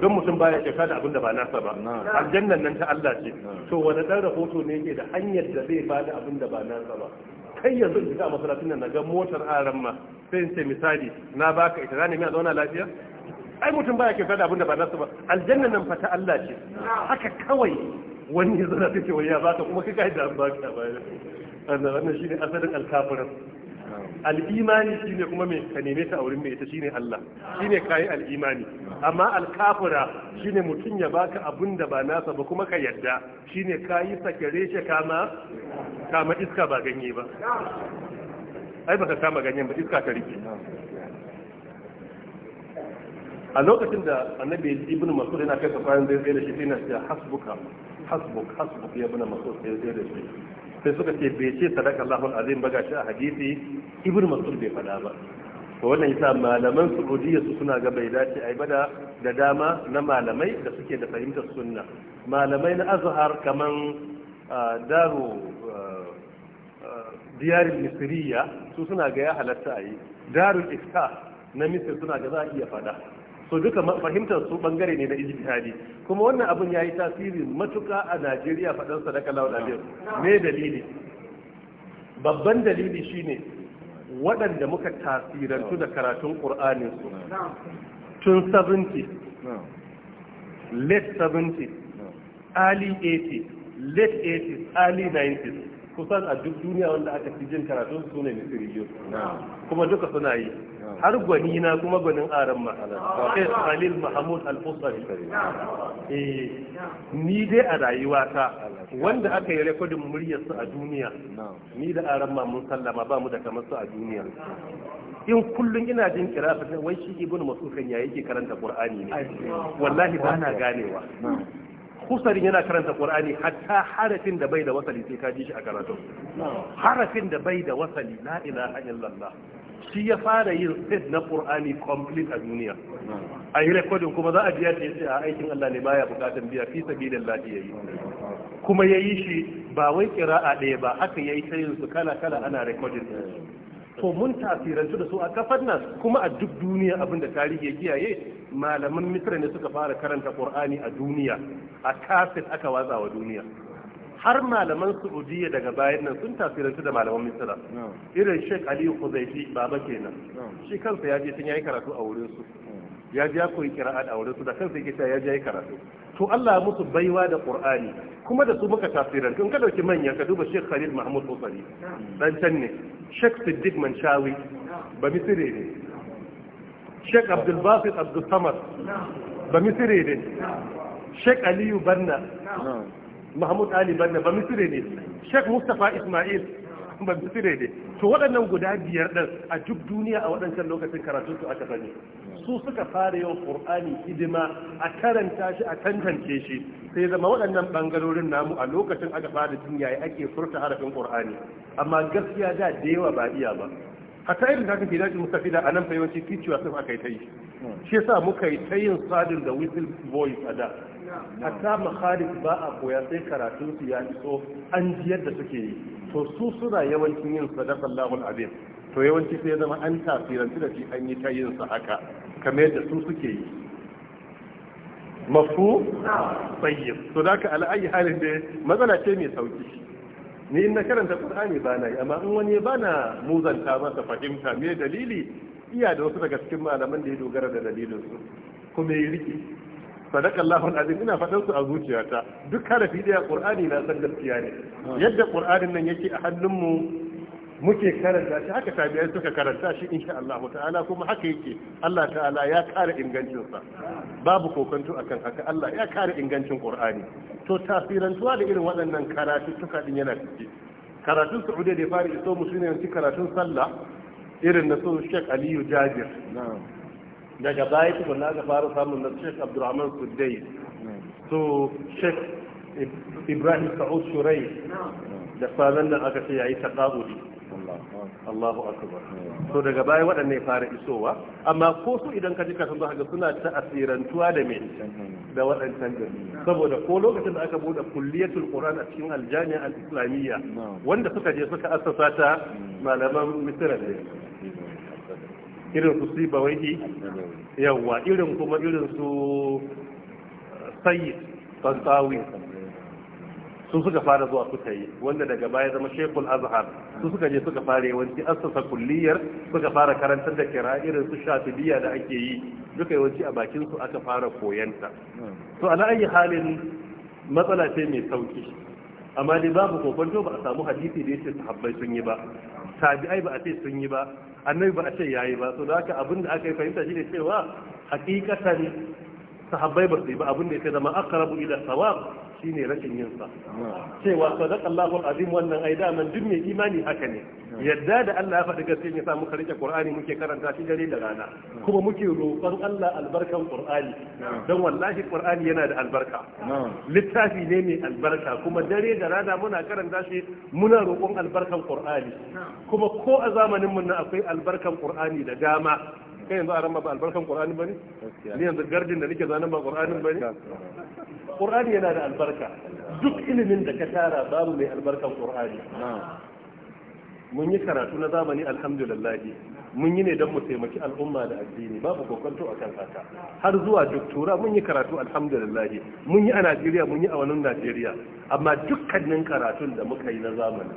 [SPEAKER 1] don mutum baya shekara da abin da ba nasa ba aljannan nan ta Allah ce to wani ɗan rahoto ne yake da hanyar da zai ba bada abin da ba nasa ba kai yanzu in fita a masallacin nan na ga motar aran ma sai in ce misali na baka ita za nemi a zauna lafiya ai mutum baya kyauta da abin da ba nasu ba aljanna nan fata Allah ce haka kawai wani ya zana ta ce wani ya baka kuma kai kai da an baka baya wannan shine asalin alkafirin al'imani shine kuma mai ka neme ta wurin mai ita shine Allah shine kai al'imani amma alkafira shine mutum ya baka abun da ba nasa ba kuma ka yadda shine kai sakare shi kama kama iska ba ganye ba ai baka kama ganyen ba iska ta rike a lokacin da annabi ibn masud yana kai safarin zai zai da shi sai na ce hasbuka hasbuk hasbuk ya ibn masud zai zai da shi sai suka ce bai ce sadaka Allahu azim ba gashi a hadisi ibnu mas'ud bai faɗa ba to wannan yasa malaman Saudiya su suna ga bai dace ai bada da dama na malamai da suke da fahimtar sunna malamai na azhar kaman daru diyarin misriya su suna ga ya halatta a yi darul ifta na misir suna ga za a iya faɗa so duka fahimtar su bangare ne na ijtihadi kuma wannan abun yayi tasiri matuka a Najeriya fadan sadaka lawal abir me dalili babban dalili shine waɗanda muka tasirantu da karatun Qur'ani su tun 70 late 70 early 80 late 80 early 90 kusan a duk duniya wanda aka fi jin karatun su ne yau kuma duka suna yi har gwani na kuma gwanin aran ma'ana kai salil mahamud al-fusari eh, ni dai a rayuwa ta wanda aka yi rekodin muryar su a duniya ni da aran ma mun sallama ba mu da kamar su a duniya in kullum ina jin kira wai shi ibnu masufan ya yake karanta qur'ani ne wallahi ba na ganewa kusarin yana karanta ƙur'ani, hatta harafin da bai da wasali sai ka ji shi a karatu harafin da bai da wasali la ilaha illallah shi ya fara yin set na ƙur'ani complete a duniya a yi rekodin kuma za a biya ta yace a aikin Allah ne baya bukatan biya fi ya yayi kuma yayi shi ba wai kira'a ɗaya ba haka yayi ta yin su kala kala ana rekodin to mun tasirantu da su a kafar nan kuma a duk duniya abinda tarihi ya kiyaye malaman misra ne suka fara karanta qur'ani a duniya a kafin aka watsa wa duniya har malaman saudiya daga bayan nan sun tasirantu da malaman misra irin shek ali huzaifi baba kenan shi kansa ya je tun yi karatu a wurin su mm. ya ja koyi kira'a a wurin su da kansa yake cewa ya ja karatu to Allah musu baiwa da Qur'ani kuma da su muka tafsiran in ka dauki manya ka duba Sheikh Khalid Mahmud Bukhari dan can ne Sheikh Siddiq Manshawi ba misire ne Sheikh Abdul Basit Abdul Samad ba misire ne Sheikh Aliyu Banna Mahmud Ali Banna ba misire ne Sheikh Mustafa Ismail ba fi ne to waɗannan guda biyar ɗin a duk duniya a waɗancan lokacin karatun su aka sani su suka fara yin qur'ani hidima a karanta shi a tantance shi sai zama waɗannan bangarorin namu a lokacin aka fara jin yayi ake furta harafin qur'ani amma gaskiya da da yawa ba iya ba hatta irin haka ke dace mustafida a nan fa yawanci kiciwa sun aka yi ta yi shi yasa muka yi ta yin sadin da whistle voice a da hatta makharij ba a koya sai karatun su ya iso an ji yadda suke yi to su suna yawancin yin Allahu alazim to yawanci sai zama an tafiranci da shi an yi ta yin sa haka kamar yadda su suke yi mafu tayyib to da ala ayi halin da matsala ce mai sauki ni in na karanta qur'ani ba na yi amma in wani ba na muzanta masa fahimta me dalili iya da wasu daga cikin malaman da ya dogara da dalilin su kuma ya rike sadakallahu alazim ina faɗan su a zuciyata duk harafi daya qur'ani na san gaskiya ne yadda qur'anin nan yake a hannun mu muke karanta shi haka tabi'ai suka karanta shi insha Allah ta'ala kuma haka yake Allah ta'ala ya kare ingancin sa babu kokonto akan haka Allah ya kare ingancin qur'ani to tasirantuwa da irin waɗannan karatu suka din yana ciki karatun Saudiya da ya fara iso mu shine yanzu karatun sallah irin na so Sheikh Aliyu Jabir daga baya tukun aka fara samun na sheik abdurrahman sudai so sheikh ibrahim sa'ud shurai da kwanan nan aka ce yayi taqabuli Allahu akbar so daga baya waɗanne fara isowa amma ko su idan ka ji ka san ga suna ta asirantuwa da me da waɗancan jami'a saboda ko lokacin da aka bude kulliyatul qur'an a cikin aljami'a al-islamiyya wanda suka je suka assasa ta malaman misra ne irin su siba wai yawa irin kuma irin su eh, sayyid tantawi su suka fara zuwa suka yi wanda daga baya zama shekul azhar su suka je suka fara yawanci asasa kulliyar suka fara karantar da kira irin su shafidiya da ake yi duka yawanci a bakin su aka fara koyanta to ala ayi halin matsala ce mai sauki amma dai babu kokonto ba a samu hadisi da yace sahabbai sun yi ba tabi'ai ba a ce sun yi ba annabi ba a ce yayi ba so da haka abin da aka yi fahimta shine cewa hakikatan sahabbai ba su yi ba abin da yake zama aqrabu ila sawab ne rashin yin sa cewa sadaqa Allahu azim wannan ai daman duk mai imani haka ne yadda da Allah ya faɗi gaskiya ya sa muka rike Qur'ani muke karanta shi dare da rana kuma muke roƙon Allah albarkan Qur'ani dan wallahi Qur'ani yana da albarka littafi ne mai albarka kuma dare da rana muna karanta shi muna roƙon albarkan Qur'ani kuma ko a zamanin mun akwai albarkan Qur'ani da dama kai yanzu a ran ba albarkan qur'ani bane ni yanzu gardin da nake zanen ba qur'anin bane qur'ani yana da albarka duk ilimin da ka tara babu mai albarkan qur'ani mun yi karatu na zamani alhamdulillah mun yi ne don mu taimaki al'umma da addini babu kokonto a kan haka har zuwa doktora mun yi karatu alhamdulillah mun yi a Najeriya mun yi a wani Najeriya amma dukkanin karatun da muka yi na zamani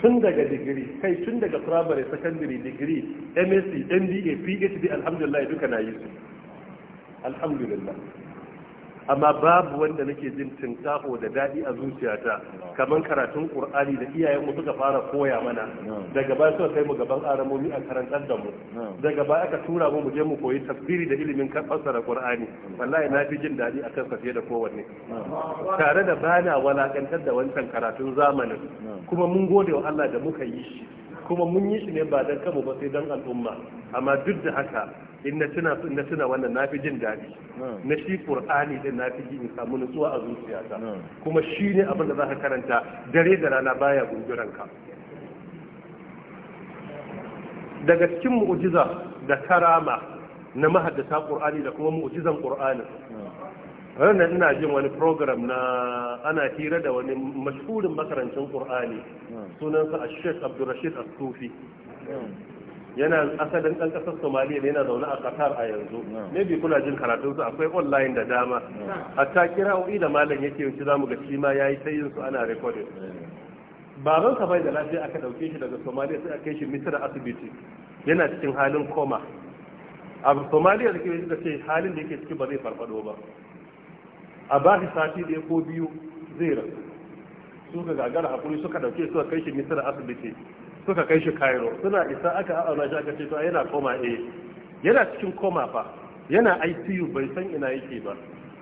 [SPEAKER 1] tun daga digiri kai tun daga primary secondary digiri msc mba phd alhamdulillah duka na yi su alhamdulillah amma babu wanda nake jin tinkaho da daɗi a zuciyata kamar karatun ƙur'ani da iyayen mu suka fara koya mana daga baya suka kai mu gaban aramomi a karantar da mu daga baya aka tura mu mu je mu koyi tafsiri da ilimin fassara ƙur'ani wallahi na fi jin daɗi a sa da kowanne tare da bana walakantar da wancan karatun zamanin kuma mun gode wa Allah da muka yi shi kuma mun yi shi ne ba don kanmu ba sai don al'umma amma duk da haka in na tuna na tuna wannan na fi jin daɗi hmm. na shi qur'ani din na fi ji in samu nutsuwa a zuciyata hmm. kuma shi ne abin da zaka karanta dare da rana baya gunguran ka daga cikin mu'jiza da karama na mahaddasa qur'ani da kuma mu'jizan qur'ani hmm. ranar ina jin wani program na ana hira da wani mashhurin makarancin qur'ani sunansa a sheikh abdurrashid as-sufi yana asalin ɗan ƙasar somaliya ne yana zaune a qatar a yanzu ne bi kuna jin karatunsu akwai online da dama hatta kira'o'i da malam yake yanzu za mu ga shi ma ya yi ta yin su ana recording baban sa bai da lafiya aka ɗauke shi daga somaliya sai aka kai shi misira asibiti yana cikin halin koma a somaliya da ke da ce halin da yake ciki ba zai farfado ba a ba shi sati ɗaya ko biyu zai rasu ka gagara hakuri suka dauke suka kai shi misira asibiti suka kai shi cairo suna isa aka auna shi aka ce to yana koma a yana cikin koma fa yana icu bai san ina yake ba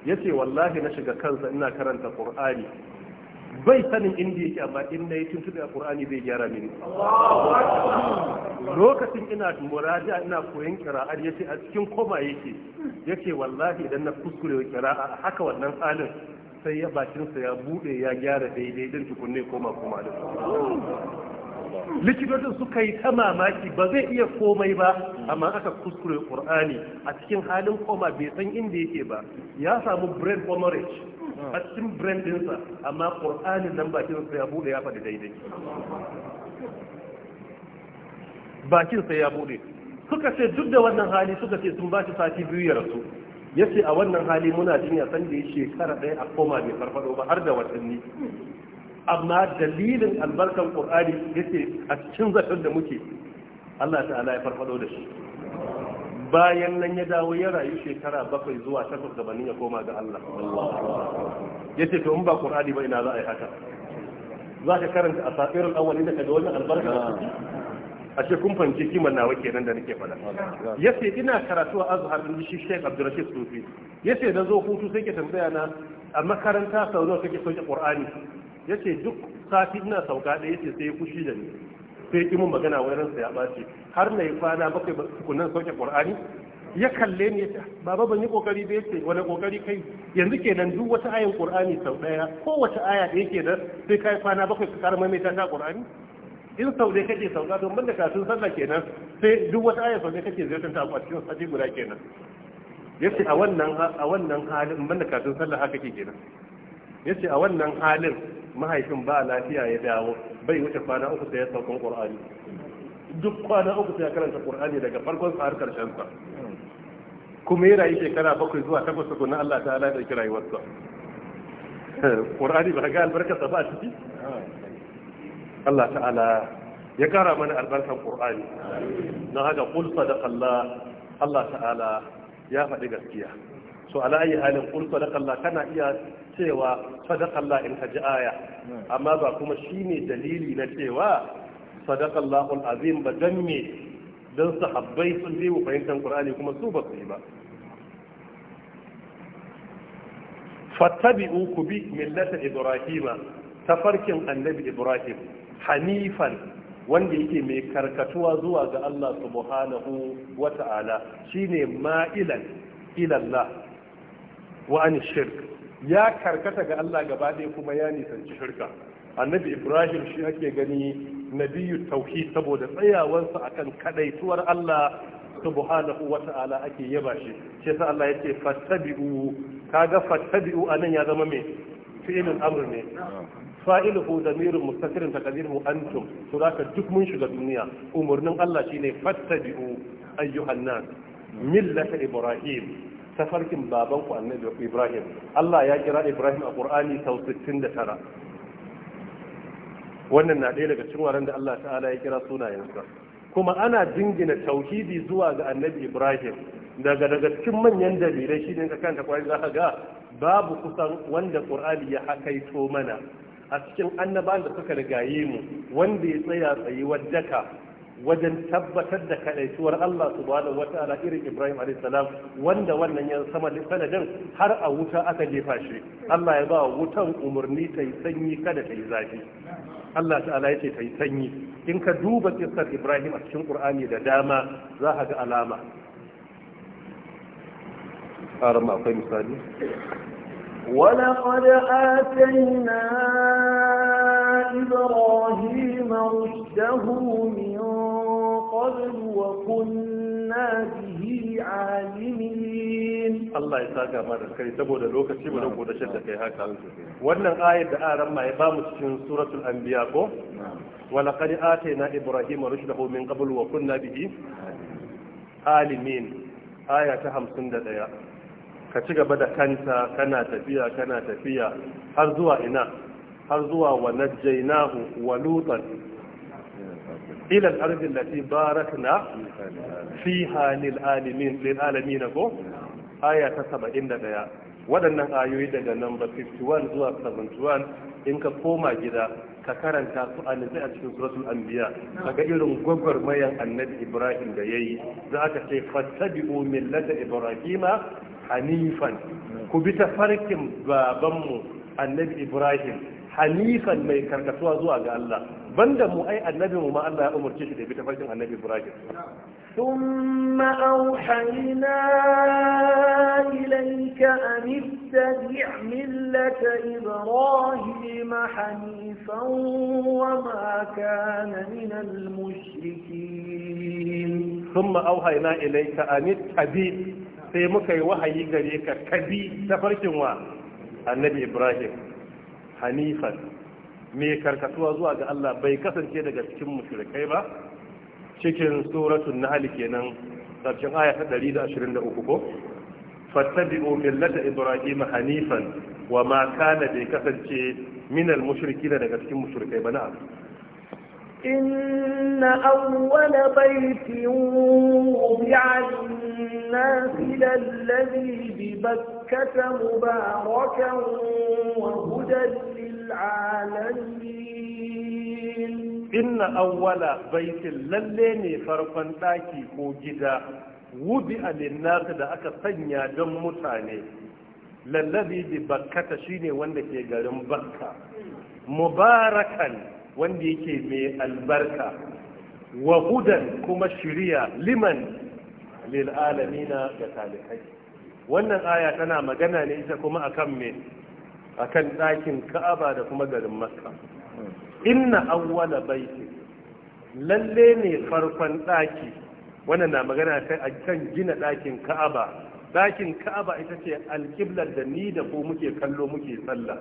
[SPEAKER 1] yace wallahi na shiga kansa ina karanta qur'ani bai sanin inda yake amma in na yi tuntuni a zai gyara mini lokacin ina muraja ina koyon kira'ar ya ce a cikin koma yake ya ce wallahi idan na kuskure wa kira'a haka wannan tsalin sai ya bakinsa ya buɗe ya gyara daidai din tukunne koma kuma likitocin suka yi ta mamaki ba zai iya komai ba amma aka kuskure qur'ani a cikin halin koma bai san inda yake ba ya samu brain hemorrhage a cikin brain dinsa amma qur'ani nan bakin sa ya bude ya faɗi daidai bakin sa ya bude suka ce duk da wannan hali suka ce sun ba shi sati biyu ya rasu ya a wannan hali muna jinya san da ya shekara ɗaya a koma bai farfado ba har da watanni amma dalilin albarkan qur'ani ce a cikin zakar da muke Allah ta'ala ya farfado da shi bayan nan ya dawo ya rayu shekara bakwai zuwa takwas gabanin ya koma ga Allah yace to in ba qur'ani ba ina za a yi haka za ka karanta a sa'irin awali da ga wannan albarka ce ah. kun fahimci kimar nawa kenan da nake faɗa yace ina karatu a Azhar din shi Sheikh Abdurrashid Sufi yace na zo hutu sai ke tambaya na a makaranta sau nawa kake sauke Qur'ani ya ce duk sati ina sauka ɗaya ce sai kushi da ni sai ki magana wayarin sa ya ɓaci har na yi kwana bakwai tukunan sauke ƙur'ani ya kalle ni ya ce baba ban yi kokari ba yace wani kokari kai yanzu kenan duk wata ayan qur'ani sau daya ko wata aya da yake da sai kai kwana bakwai ka karma mai ta qur'ani in sau dai kake sauka don banda kafin sallah kenan sai duk wata aya sau dai kake ziyartar ta a cikin sati guda kenan yace a wannan a wannan halin banda kafin sallah haka ke kenan yace a wannan halin mahaifin ba lafiya ya dawo bai wuce kwana uku sai ya saukan qur'ani duk kwana uku sai ya karanta qur'ani daga farkon sa har karshen sa kuma ya rayu shekara bakwai zuwa takwas na Allah ta'ala ya dauki rayuwarsa qur'ani ba ga albarka sa ba a ciki Allah ta'ala ya kara mana albarkan qur'ani na haka qul sadaqallah Allah ta'ala ya faɗi gaskiya so ala ayi halin qul sadaqallah kana iya cewa sadaqallah in ji aya amma ba kuma shine dalili na cewa sadaqallahu alazim ba dan me su sahabbai sun yi fahimtar qur'ani kuma su ba su yi ba fattabi'u ku bi millata ibrahima tafarkin annabi ibrahim hanifan wanda yake mai karkatuwa zuwa ga Allah subhanahu wa ta'ala shine ma'ilan ila Allah wa an shirk ya karkata ga Allah gaba ɗaya kuma ya nisanci shirka annabi ibrahim shi ake gani nabiyu tauhid saboda tsayawarsa akan kadaituwar Allah subhanahu wa ta'ala ake yaba shi shi yasa Allah yake fattabi'u kaga fattabi'u anan ya zama me fi'ilun amr ne fa'iluhu damirun mustaqirun taqdiruhu antum to zaka duk mun shiga duniya umurnin Allah shine fattabi'u ayyuhan nas millata ibrahim tafarkin baban ku annabi Ibrahim Allah ya kira Ibrahim a Qur'ani sau 69 wannan na ɗaya daga cikin waran da Allah ta'ala ya kira sunayensa kuma ana jingina tauhidi zuwa ga annabi Ibrahim daga daga cikin manyan dalilai ne kan ta kwari za ga babu kusan wanda ƙur'ani ya hakaito mana a cikin annabawan da suka rigaye mu wanda ya tsaya tsayi daka wajen tabbatar da kadaituwar Allah subhanahu irin Ibrahim alayhi wanda wannan ya sama sanadin har a wuta aka jefa shi Allah ya ba wutan umarni ta yi sanyi kada ta yi zafi Allah ta'ala ya ce ta yi sanyi in ka duba kissar Ibrahim a cikin Qur'ani da dama za ka ga alama arma akwai misali
[SPEAKER 2] ولقد آتينا إبراهيم رشده من قبل وكنا به عالمين
[SPEAKER 1] الله يساك ما تذكري سبو دلوك سيبو دلوك ودشدك يا هكا وانا آية دعا رمى يبامس في سورة الأنبياء ولقد آتينا إبراهيم رشده من قبل وكنا به عالمين آية همسن دليا ka ci gaba da kanta kana tafiya kana tafiya har zuwa ina har zuwa wa najjaynahu wa lutan ila al-ardi allati barakna fiha lil alamin lil alamin ko aya ta 71 waɗannan ayoyi daga number 51 zuwa 71 in ka koma gida ka karanta su a nufi a cikin suratul anbiya ga irin gwagwarmayan annabi ibrahim da yayi za ka ce fattabi'u millata ibrahima hanifan ku bi ta farkin babanmu annabi ibrahim hanifan mai karkatuwa zuwa ga Allah banda mu ai annabi mu ma Allah ya umarce shi da bi tafarkin annabi Ibrahim
[SPEAKER 2] ثم أوحينا إليك أن اتبع ملة إبراهيم حنيفا وما كان من المشركين
[SPEAKER 1] ثم أوحينا إليك أن اتبع سيمك وحي غريك كبي تفرشوا النبي إبراهيم hanifan mai karkatuwa zuwa ga Allah bai kasance daga cikin mushrikai ba cikin suratul nahl kenan karshen aya ta 123 ko fattabi'u millata ibrahim hanifan wa ma kana bai kasance minar mushrikina daga cikin mushrikai ba na'am
[SPEAKER 2] إن أول بيت وضع للناس للذي ببكة مكة مباركا وهدى للعالمين
[SPEAKER 1] إن أول بيت لليني فرقا تاكي كوجدا وضع للناس دا أكا سنيا دم متاني lallabi bi bakkata shine wanda ke garin bakka mubarakan wanda yake mai albarka wa hudan kuma shirya liman lil alamina ga wannan aya tana magana ne ita kuma akan me akan ɗakin ka'aba da kuma garin makka inna awwala baiti lalle ne farkon ɗaki wannan na magana kai a kan gina ɗakin ka'aba ɗakin ka'aba ita ce alƙiblar da ni da ku muke kallo muke sallah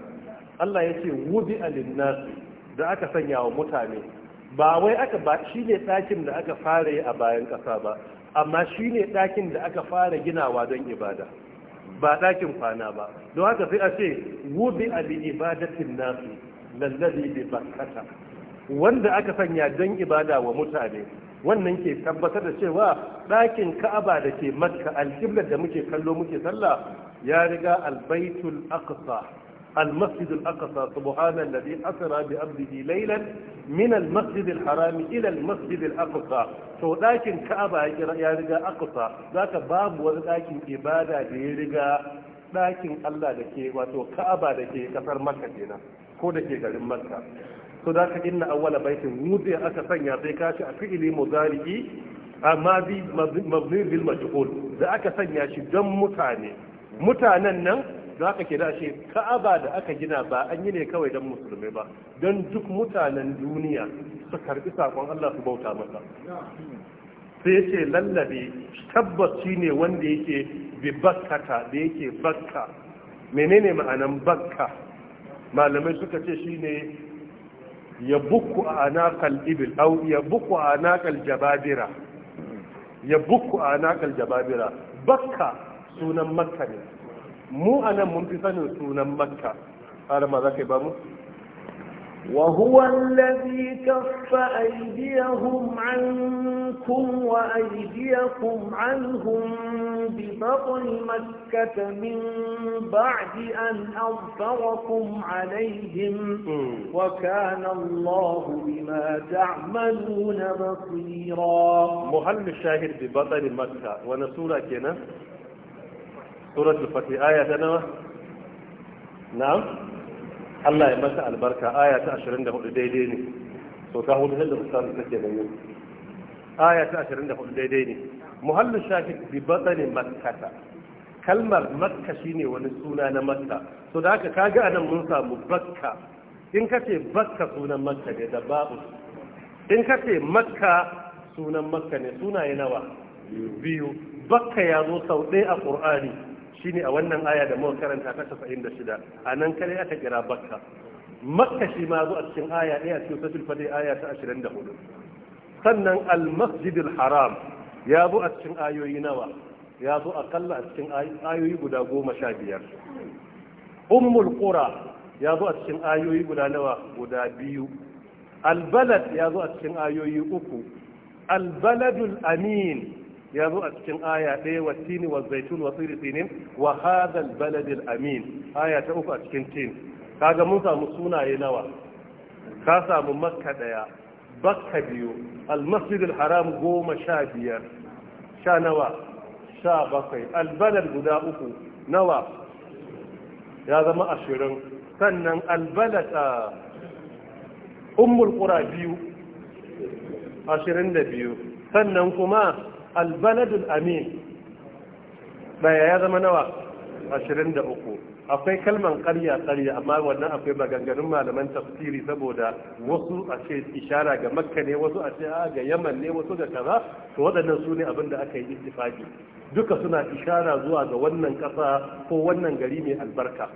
[SPEAKER 1] Allah ya ce wubi alinnas da aka sanya wa mutane ba wai aka ba shi ne ɗakin da aka fara yi a bayan ƙasa ba amma shi ne ɗakin da aka fara ginawa don ibada ba ɗakin kwana ba don haka sai a ce wubi ali ibadatin nasu lallabi bi bakkata wanda aka sanya don ibada wa mutane wannan ke tabbatar da cewa ɗakin ka'aba da ke makka alƙiblar da muke kallo muke sallah ya riga albaitul aqsa المسجد الأقصى سبحان الذي أسرى بأبده ليلا من المسجد الحرام إلى المسجد الأقصى to ɗakin ka'aba ya riga aqsa za ka babu wani ɗakin ibada da ya riga ɗakin Allah da ke wato ka'aba da ke kasar makka kenan ko da ke garin makka to da ka inna awwala baitin wuzi aka sanya sai ka ci a fi'ili mudari'i amma bi mabni bil majhul da aka sanya shi don mutane mutanen nan za ka ke shi ka'aba da aka gina ba an yi ne kawai don musulmi ba don duk mutanen duniya su karbi sakon Allah su bauta masa sai ce lallabe tabbas shine wanda yake bi bakkata da yake bakka menene ma'anan bakka malamai suka ce shine ya bukku a anakal ibil au ya buku a anakal jababira ya buku a anakal jababira bakka sunan makka ne mu انا mun fi sanin sunan makka har ma za ka ba mu
[SPEAKER 2] وهو الذي كف أيديهم عنكم وأيديكم عنهم ببطن مكة من بعد أن أظفركم عليهم وكان الله بما تعملون بصيرا
[SPEAKER 1] مهل الشاهد ببطن مكة ونسورة كنا suratul fatih aya ta nawa na'am Allah ya masa albarka aya ta 24 daidai ne so ta hudu da misali take da yau aya ta 24 daidai ne muhallu shahid bi batani makkata kalmar makka shine wani suna na makka so da haka kaga anan mun samu bakka in ka ce bakka sunan makka ne da in ka ce makka sunan makka ne sunaye nawa biyu bakka ya zo sau ɗaya a ƙur'ani ne a wannan aya da muka karanta ta shida, a nan kare aka kira bakka makka shi ma zuwa cikin aya ɗaya a cikin suratul fadai aya ta ashirin da hudu. sannan al haram ya zo a cikin ayoyi nawa ya zo akalla a cikin ayoyi guda goma sha biyar ummul qura ya zo a cikin ayoyi guda nawa guda biyu albalad ya zo a cikin ayoyi uku albaladul amin ya zo a cikin aya ɗaya wa tini wa zaitun wa tsiri tsinin wa hadal baladil amin aya ta uku a cikin tin ga mun samu sunaye nawa ka samu makka ɗaya bakka biyu almasjidil haram goma sha biyar sha nawa sha bakwai albalad guda uku nawa ya zama ashirin sannan albalad a ummul kura biyu ashirin da biyu sannan kuma albaladul amin daya ya zama nawa 23 akwai kalman karya-karya, amma wannan akwai maganganun malaman tafsiri saboda wasu a ce ishara ga makka ne wasu a ce ga yaman ne wasu ga kaza to waɗannan su ne abin da aka yi ittifaki duka suna ishara zuwa ga wannan ƙasa ko wannan gari mai albarka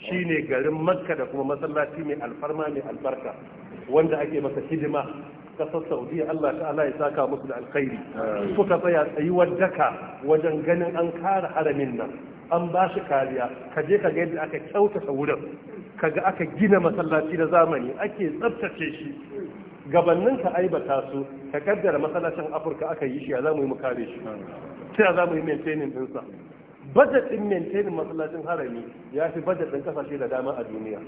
[SPEAKER 1] shine garin makka da kuma masallaci mai alfarma mai albarka wanda ake masa hidima kasar saudiya allah ta'ala ya saka musu da alkhairi suka tsaya tsayuwar daka wajen ganin an kare haramin nan an ba shi kariya ka je ka ga yadda aka kyautata wurin ka ga aka gina masallaci da zamani ake tsabtace shi gabannin ka aibata su ka kaddara masallacin afirka aka yi shi ya zamu yi mu kare shi sai ya zamu yi maintaining ɗinsa budget din maintaining masallacin harami ya fi budget din kasashe da dama a duniya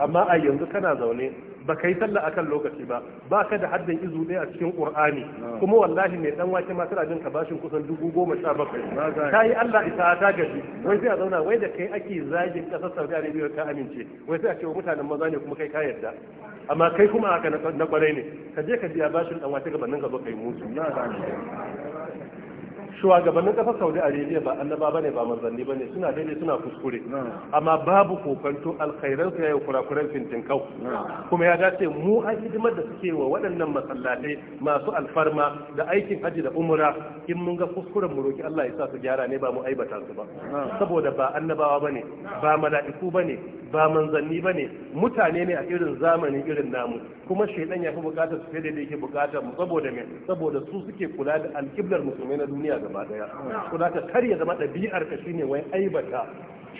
[SPEAKER 1] amma a yanzu kana zaune ba ka yi sallah akan lokaci ba ba ka da haddin izu ɗaya a cikin qur'ani kuma wallahi mai dan wake ma tana jin ka bashin kusan dubu goma sha bakwai ta yi allah isa ta gaji wai sai a zauna wai da kai ake zagin ƙasar saudi arabia ka amince wai sai a ce mutanen maza ne kuma kai ka yarda amma kai kuma haka na kwarai ne ka je ka biya bashin dan wake gabanin gaba kai musu shugabannin kasar saudi arabia ba annaba ba ne ba manzanni ba ne suna daidai suna kuskure amma babu kokanto alkhairan su ya yi kurakuran fintin kau kuma ya dace mu an hidimar da suke wa waɗannan masallatai masu alfarma da aikin haji da umura in mun ga kuskuren mu roki Allah ya sa su gyara ne ba mu aibata su ba saboda ba annabawa ba ne ba mala'iku ba ne ba manzanni ba ne mutane ne a irin zamani irin namu kuma shaidan ya fi bukatar su fiye da yake bukatar mu saboda me saboda su suke kula da alkiblar musulmai na duniya gaba daya kula ta kar ya zama ɗabi'ar ka shine wai aibata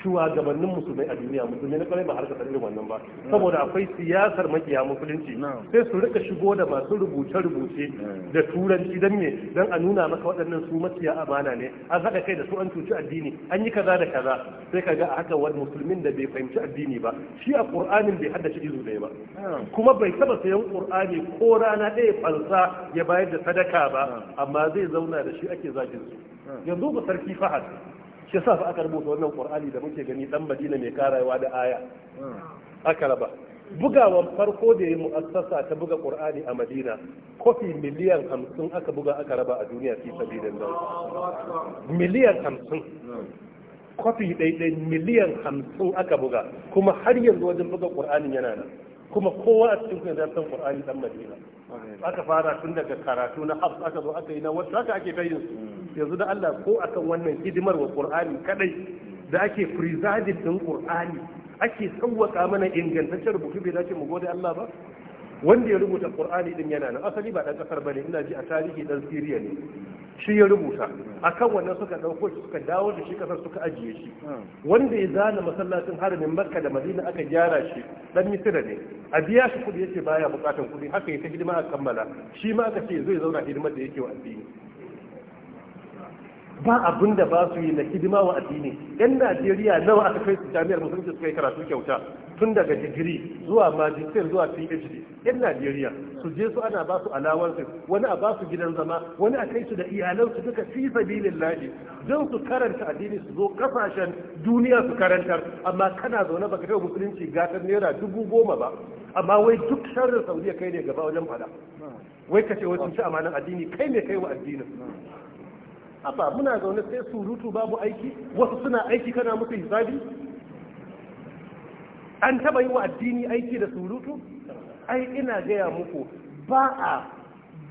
[SPEAKER 1] shugabannin musulmai a duniya musulmai na kwarai ba har kasar irin wannan ba saboda akwai siyasar makiya musulunci sai su rika shigo da masu rubuce-rubuce eh. da turanci don me don a nuna maka waɗannan su makiya amana ne an haɗa kai da su an cuci addini an yi kaza da kaza sai ka ga a haka wani musulmin da bai fahimci addini ba shi a ƙur'anin bai haddace izu ɗaya ba kuma bai taɓa sayan ƙur'ani ko rana ɗaya falsa ya bayar da sadaka ba amma zai zauna da shi ake zagin su yanzu ba sarki fahad shi sa fa aka rubuta wannan qur'ani da muke gani dan madina mai karawa da aya aka raba bugawan farko da ya mu'assasa ta buga qur'ani a madina kofi miliyan hamsin aka buga aka raba a duniya fi da miliyan hamsin kofi ɗaiɗai miliyan hamsin aka buga kuma har yanzu wajen buga qur'anin yana nan kuma kowa a cikin kuma san qur'ani dan madina aka fara tun daga karatu na hafs aka zo aka yi na wasu haka ake ta su yanzu da Allah ko akan wannan hidimar wa qur'ani kadai da ake preserving din qur'ani ake sauwaka mana ingantaccen rubutu bai dace mu gode Allah ba wanda ya rubuta qur'ani din yana nan asali ba dan kasar bane ina ji a tarihi dan siriya ne shi ya rubuta akan wannan suka dauko shi suka dawo da shi kasar suka ajiye shi wanda ya zana masallacin haramin makka da madina aka gyara shi dan misira ne a biya shi kudi yace baya bukatun kudi haka ya hidima a kammala shi ma aka ce zai zauna hidimar da yake wa addini ba abin da ba su yi na hidima wa addini yan najeriya nawa aka kai su jami'ar musulunci suka yi karatu kyauta tun daga digiri zuwa majistar zuwa phd yan najeriya su je su ana ba su alawansu wani a ba su gidan zama wani a kai su da iyalansu duka fi sabilin lahi don su karanta addini su zo kasashen duniya su karanta amma kana zaune baka kai musulunci gatar naira dubu goma ba amma wai duk sharrin saudiya kai ne gaba wajen fada wai kace wai sun ci amanan addini kai ne kai wa addinin haba muna zaune sai surutu babu aiki wasu suna aiki kana musu hisabi an taba yi wa addini aiki da surutu ai ina gaya muku ba a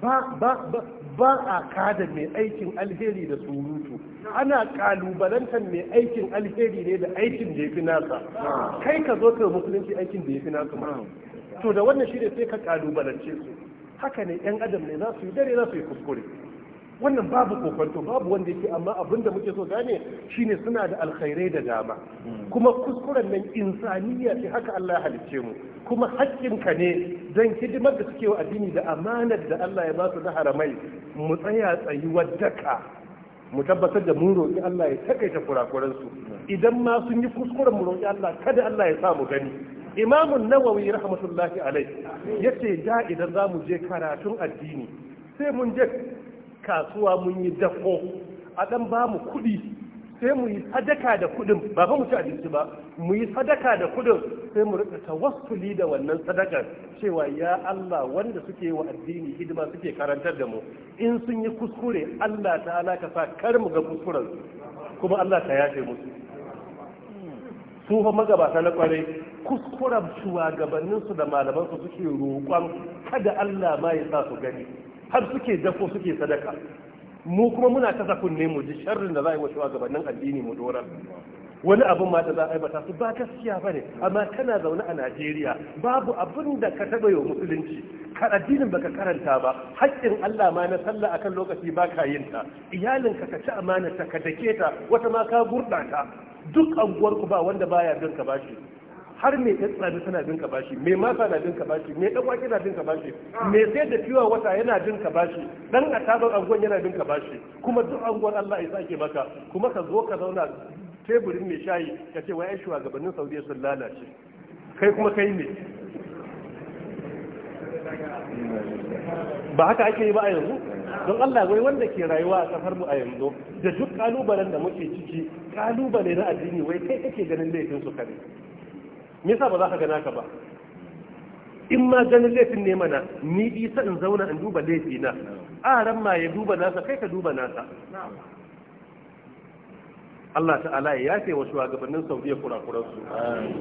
[SPEAKER 1] ba ba ba a kada mai aikin alheri da surutu ana kalubalantar mai aikin alheri ne da aikin da ya fi nasa kai ka zo ka musulunci aikin da ya fi nasa to da wannan shi ne sai ka kalubalance su haka ne yan adam ne za su yi dare za su yi kuskure wannan babu kokonto babu wanda yake amma abin da muke so gane shine suna da alkhairai da dama kuma kuskuren nan insaniya ce haka Allah ya halicce mu kuma ka ne dan hidimar da suke wa addini da amanar da Allah ya ba su da haramai mu tsaya tsayuwar daka mu tabbatar da mun roƙi Allah ya takaita kurakuransu idan ma sun yi kuskuren mu roƙi Allah kada Allah ya sa mu gani imamun nawawi rahmatullahi alai yace da idan zamu je karatun addini sai mun je kasuwa mun yi dako a ɗan ba mu kuɗi sai mu yi sadaka da kuɗin ba ba mu ci abinci ba mu yi sadaka da kuɗin sai mu rika tawassuli da wannan sadakar cewa ya Allah wanda suke wa addini hidima suke karantar da mu in sun yi kuskure Allah ta alaka sa kar mu ga kuskuren kuma Allah ta yafe musu su fa magabata na kwarai kuskuren shugabanninsu da malamansu suke roƙon kada Allah ma ya sa su gani har suke dako suke sadaka mu kuma muna ta ne mu ji sharrin da za a yi wa gabanin addini mu dorar wani abin ma da za a aibata su ba gaskiya ba ne amma kana zaune a najeriya babu abin da ka taɓa yau musulunci ka addinin baka karanta ba haƙƙin allah ma na sallah akan lokaci ba ka yin ta iyalin ka ka ci amana ta ka dake ta wata ma ka gurɗa ta duk anguwar ku ba wanda baya don ka bashi har mai tsirani suna bin ka bashi mai masa na bin ka bashi mai dan na bin ka bashi mai sai da fiwa wata yana bin ka bashi dan a tabar angon yana bin ka bashi kuma duk angon Allah ya sake maka kuma ka zo ka zauna teburin mai shayi ka ce wai gabanin Saudiya sun lalace kai kuma kai ne ba haka ake yi ba a yanzu don Allah wai wanda ke rayuwa a kasar mu a yanzu da duk kalubalen da muke ciki kalubale na addini wai kai kake ganin laifin su kare me yasa ba za ka gana ka ba in ma ganin laifin ne mana ni sa in zauna in duba laifi na aran ma ya duba nasa kai ka duba nasa Allah ta'ala ya yafe wa shugabannin Saudiya kurakuran su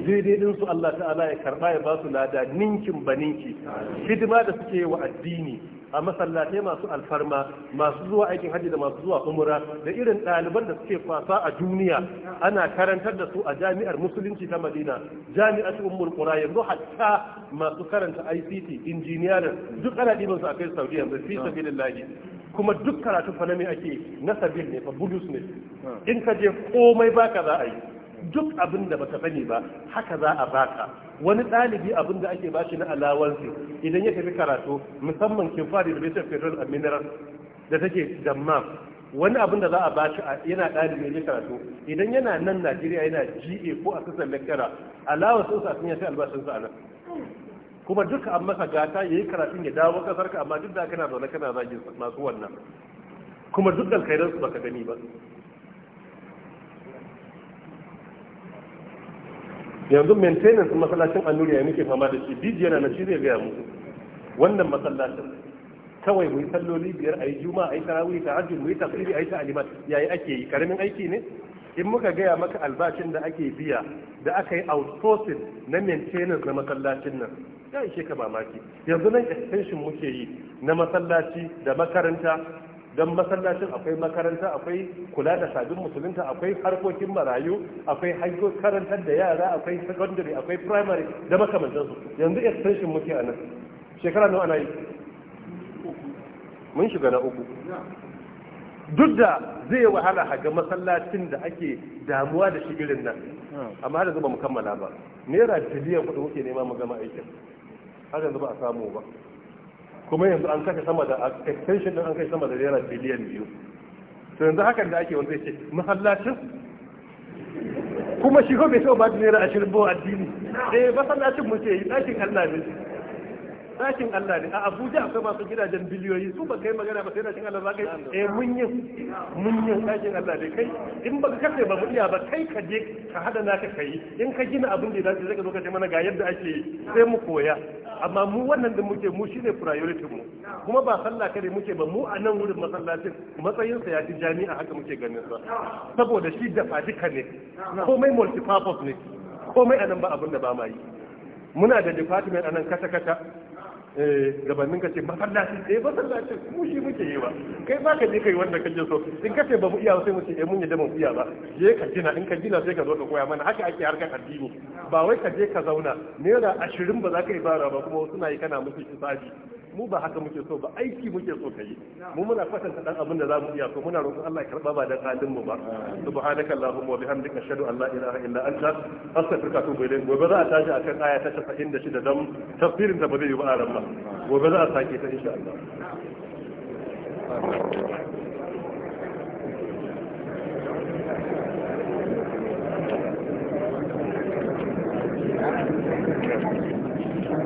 [SPEAKER 1] daidai din su Allah ta'ala ya karba ya ba su lada ninkin baninki hidima da suke wa addini a masallatai masu alfarma masu zuwa aikin hajji da masu zuwa umra da irin ɗaliban da suke kwasa a duniya ana karantar da su a jami'ar musulunci ta madina jami'ar ummul qura yanzu hatta masu karanta ICT injiniyarin duk ana ɗiban su a kai Saudi yanzu fi sabilillah kuma duk karatu fa na me ake na sabil ne fa bulus ne in ka je komai baka za a yi duk abin da baka sani ba haka za a baka wani ɗalibi abin da ake bashi na alawansu idan ya tafi karatu musamman kimfa da bai federal and da take damma wani abin da za a bashi yana ɗalibi ya karatu idan yana nan najeriya yana ga ko a sassan lekkara alawansu sa sun yafi albashinsa nan kuma duk an masa gata yayi karatun ya dawo kasar ka amma duk da kana zaune kana zagin masu wannan kuma duk alkhairansu baka gani ba yanzu maintenance masallacin annuri ya muke fama da shi biji yana na shi zai gaya musu wannan masallacin kawai mu yi salloli biyar ayi yi juma a yi tarawih ta hajji mu yi tafsiri a yi yayi ake yi karamin aiki ne in muka gaya maka albashin da ake biya da aka yi outsourcing na maintenance na masallacin nan ya ishe ka mamaki yanzu nan extension muke yi na masallaci da makaranta don masallacin akwai makaranta akwai kula da sabbin musulunta akwai harkokin marayu akwai hajjo karantar da yara akwai secondary akwai primary da makamantansu yanzu extension muke a nan shekara nawa ana yi mun shiga na uku duk da zai wahala a ga masallacin da ake damuwa da shigirin irin nan amma har zuba mu kammala ba naira biliyan kuɗi muke nema mu gama aikin har yanzu ba a samu ba kuma yanzu an saka sama da extension din an kai sama da naira biliyan biyu to yanzu hakan da ake wanda yake masallacin kuma shi ko bai taɓa ba da naira ashirin ba addini eh masallacin mu ce yi ɗakin Allah ne ɗakin Allah ne a Abuja akwai masu gidajen biliyoyi su ba kai magana ba sai ɗakin Allah za ka yi eh mun yi mun yi ɗakin Allah ne kai in ba ka kace ba mu iya ba kai ka je ka hada naka kai in ka gina abin da zai ka zo ka ce mana ga yadda ake yi sai mu koya amma mu wannan da muke mu shine priority mu kuma ba sallah kare muke ba mu a nan wurin masallacin matsayinsa ya fi jami'a haka muke ganin sa saboda shi dafa duka ne komai multi-purpose ne komai anan ba abin da ba ma yi muna da department anan kata-kata Eh, gabanin ka masallaci eh masallaci mu shi muke yi ba kai ba ka je kai wanda kake so in ka ce ba mu iya sai mu ce eh mun yadda mu iya ba je ka gina in ka gina sai ka zo ka koya mana haka ake harkar addini ba wai ka je ka zauna naira ashirin ba za ka yi bara ba kuma suna yi kana musu hisabi mu ba haka muke so ba aiki muke so kai mu muna kwatanta dan abin da za mu iya so muna roƙon Allah ya karba ba da kalin mu ba subhanaka allahumma wa bihamdika ashhadu an la ilaha illa anta astaghfiruka wa atubu ilayk gobe za a tashi akan aya ta 96 dan tafsirin da ba zai yi ba a ran gobe za a sake ta insha Allah Thank you.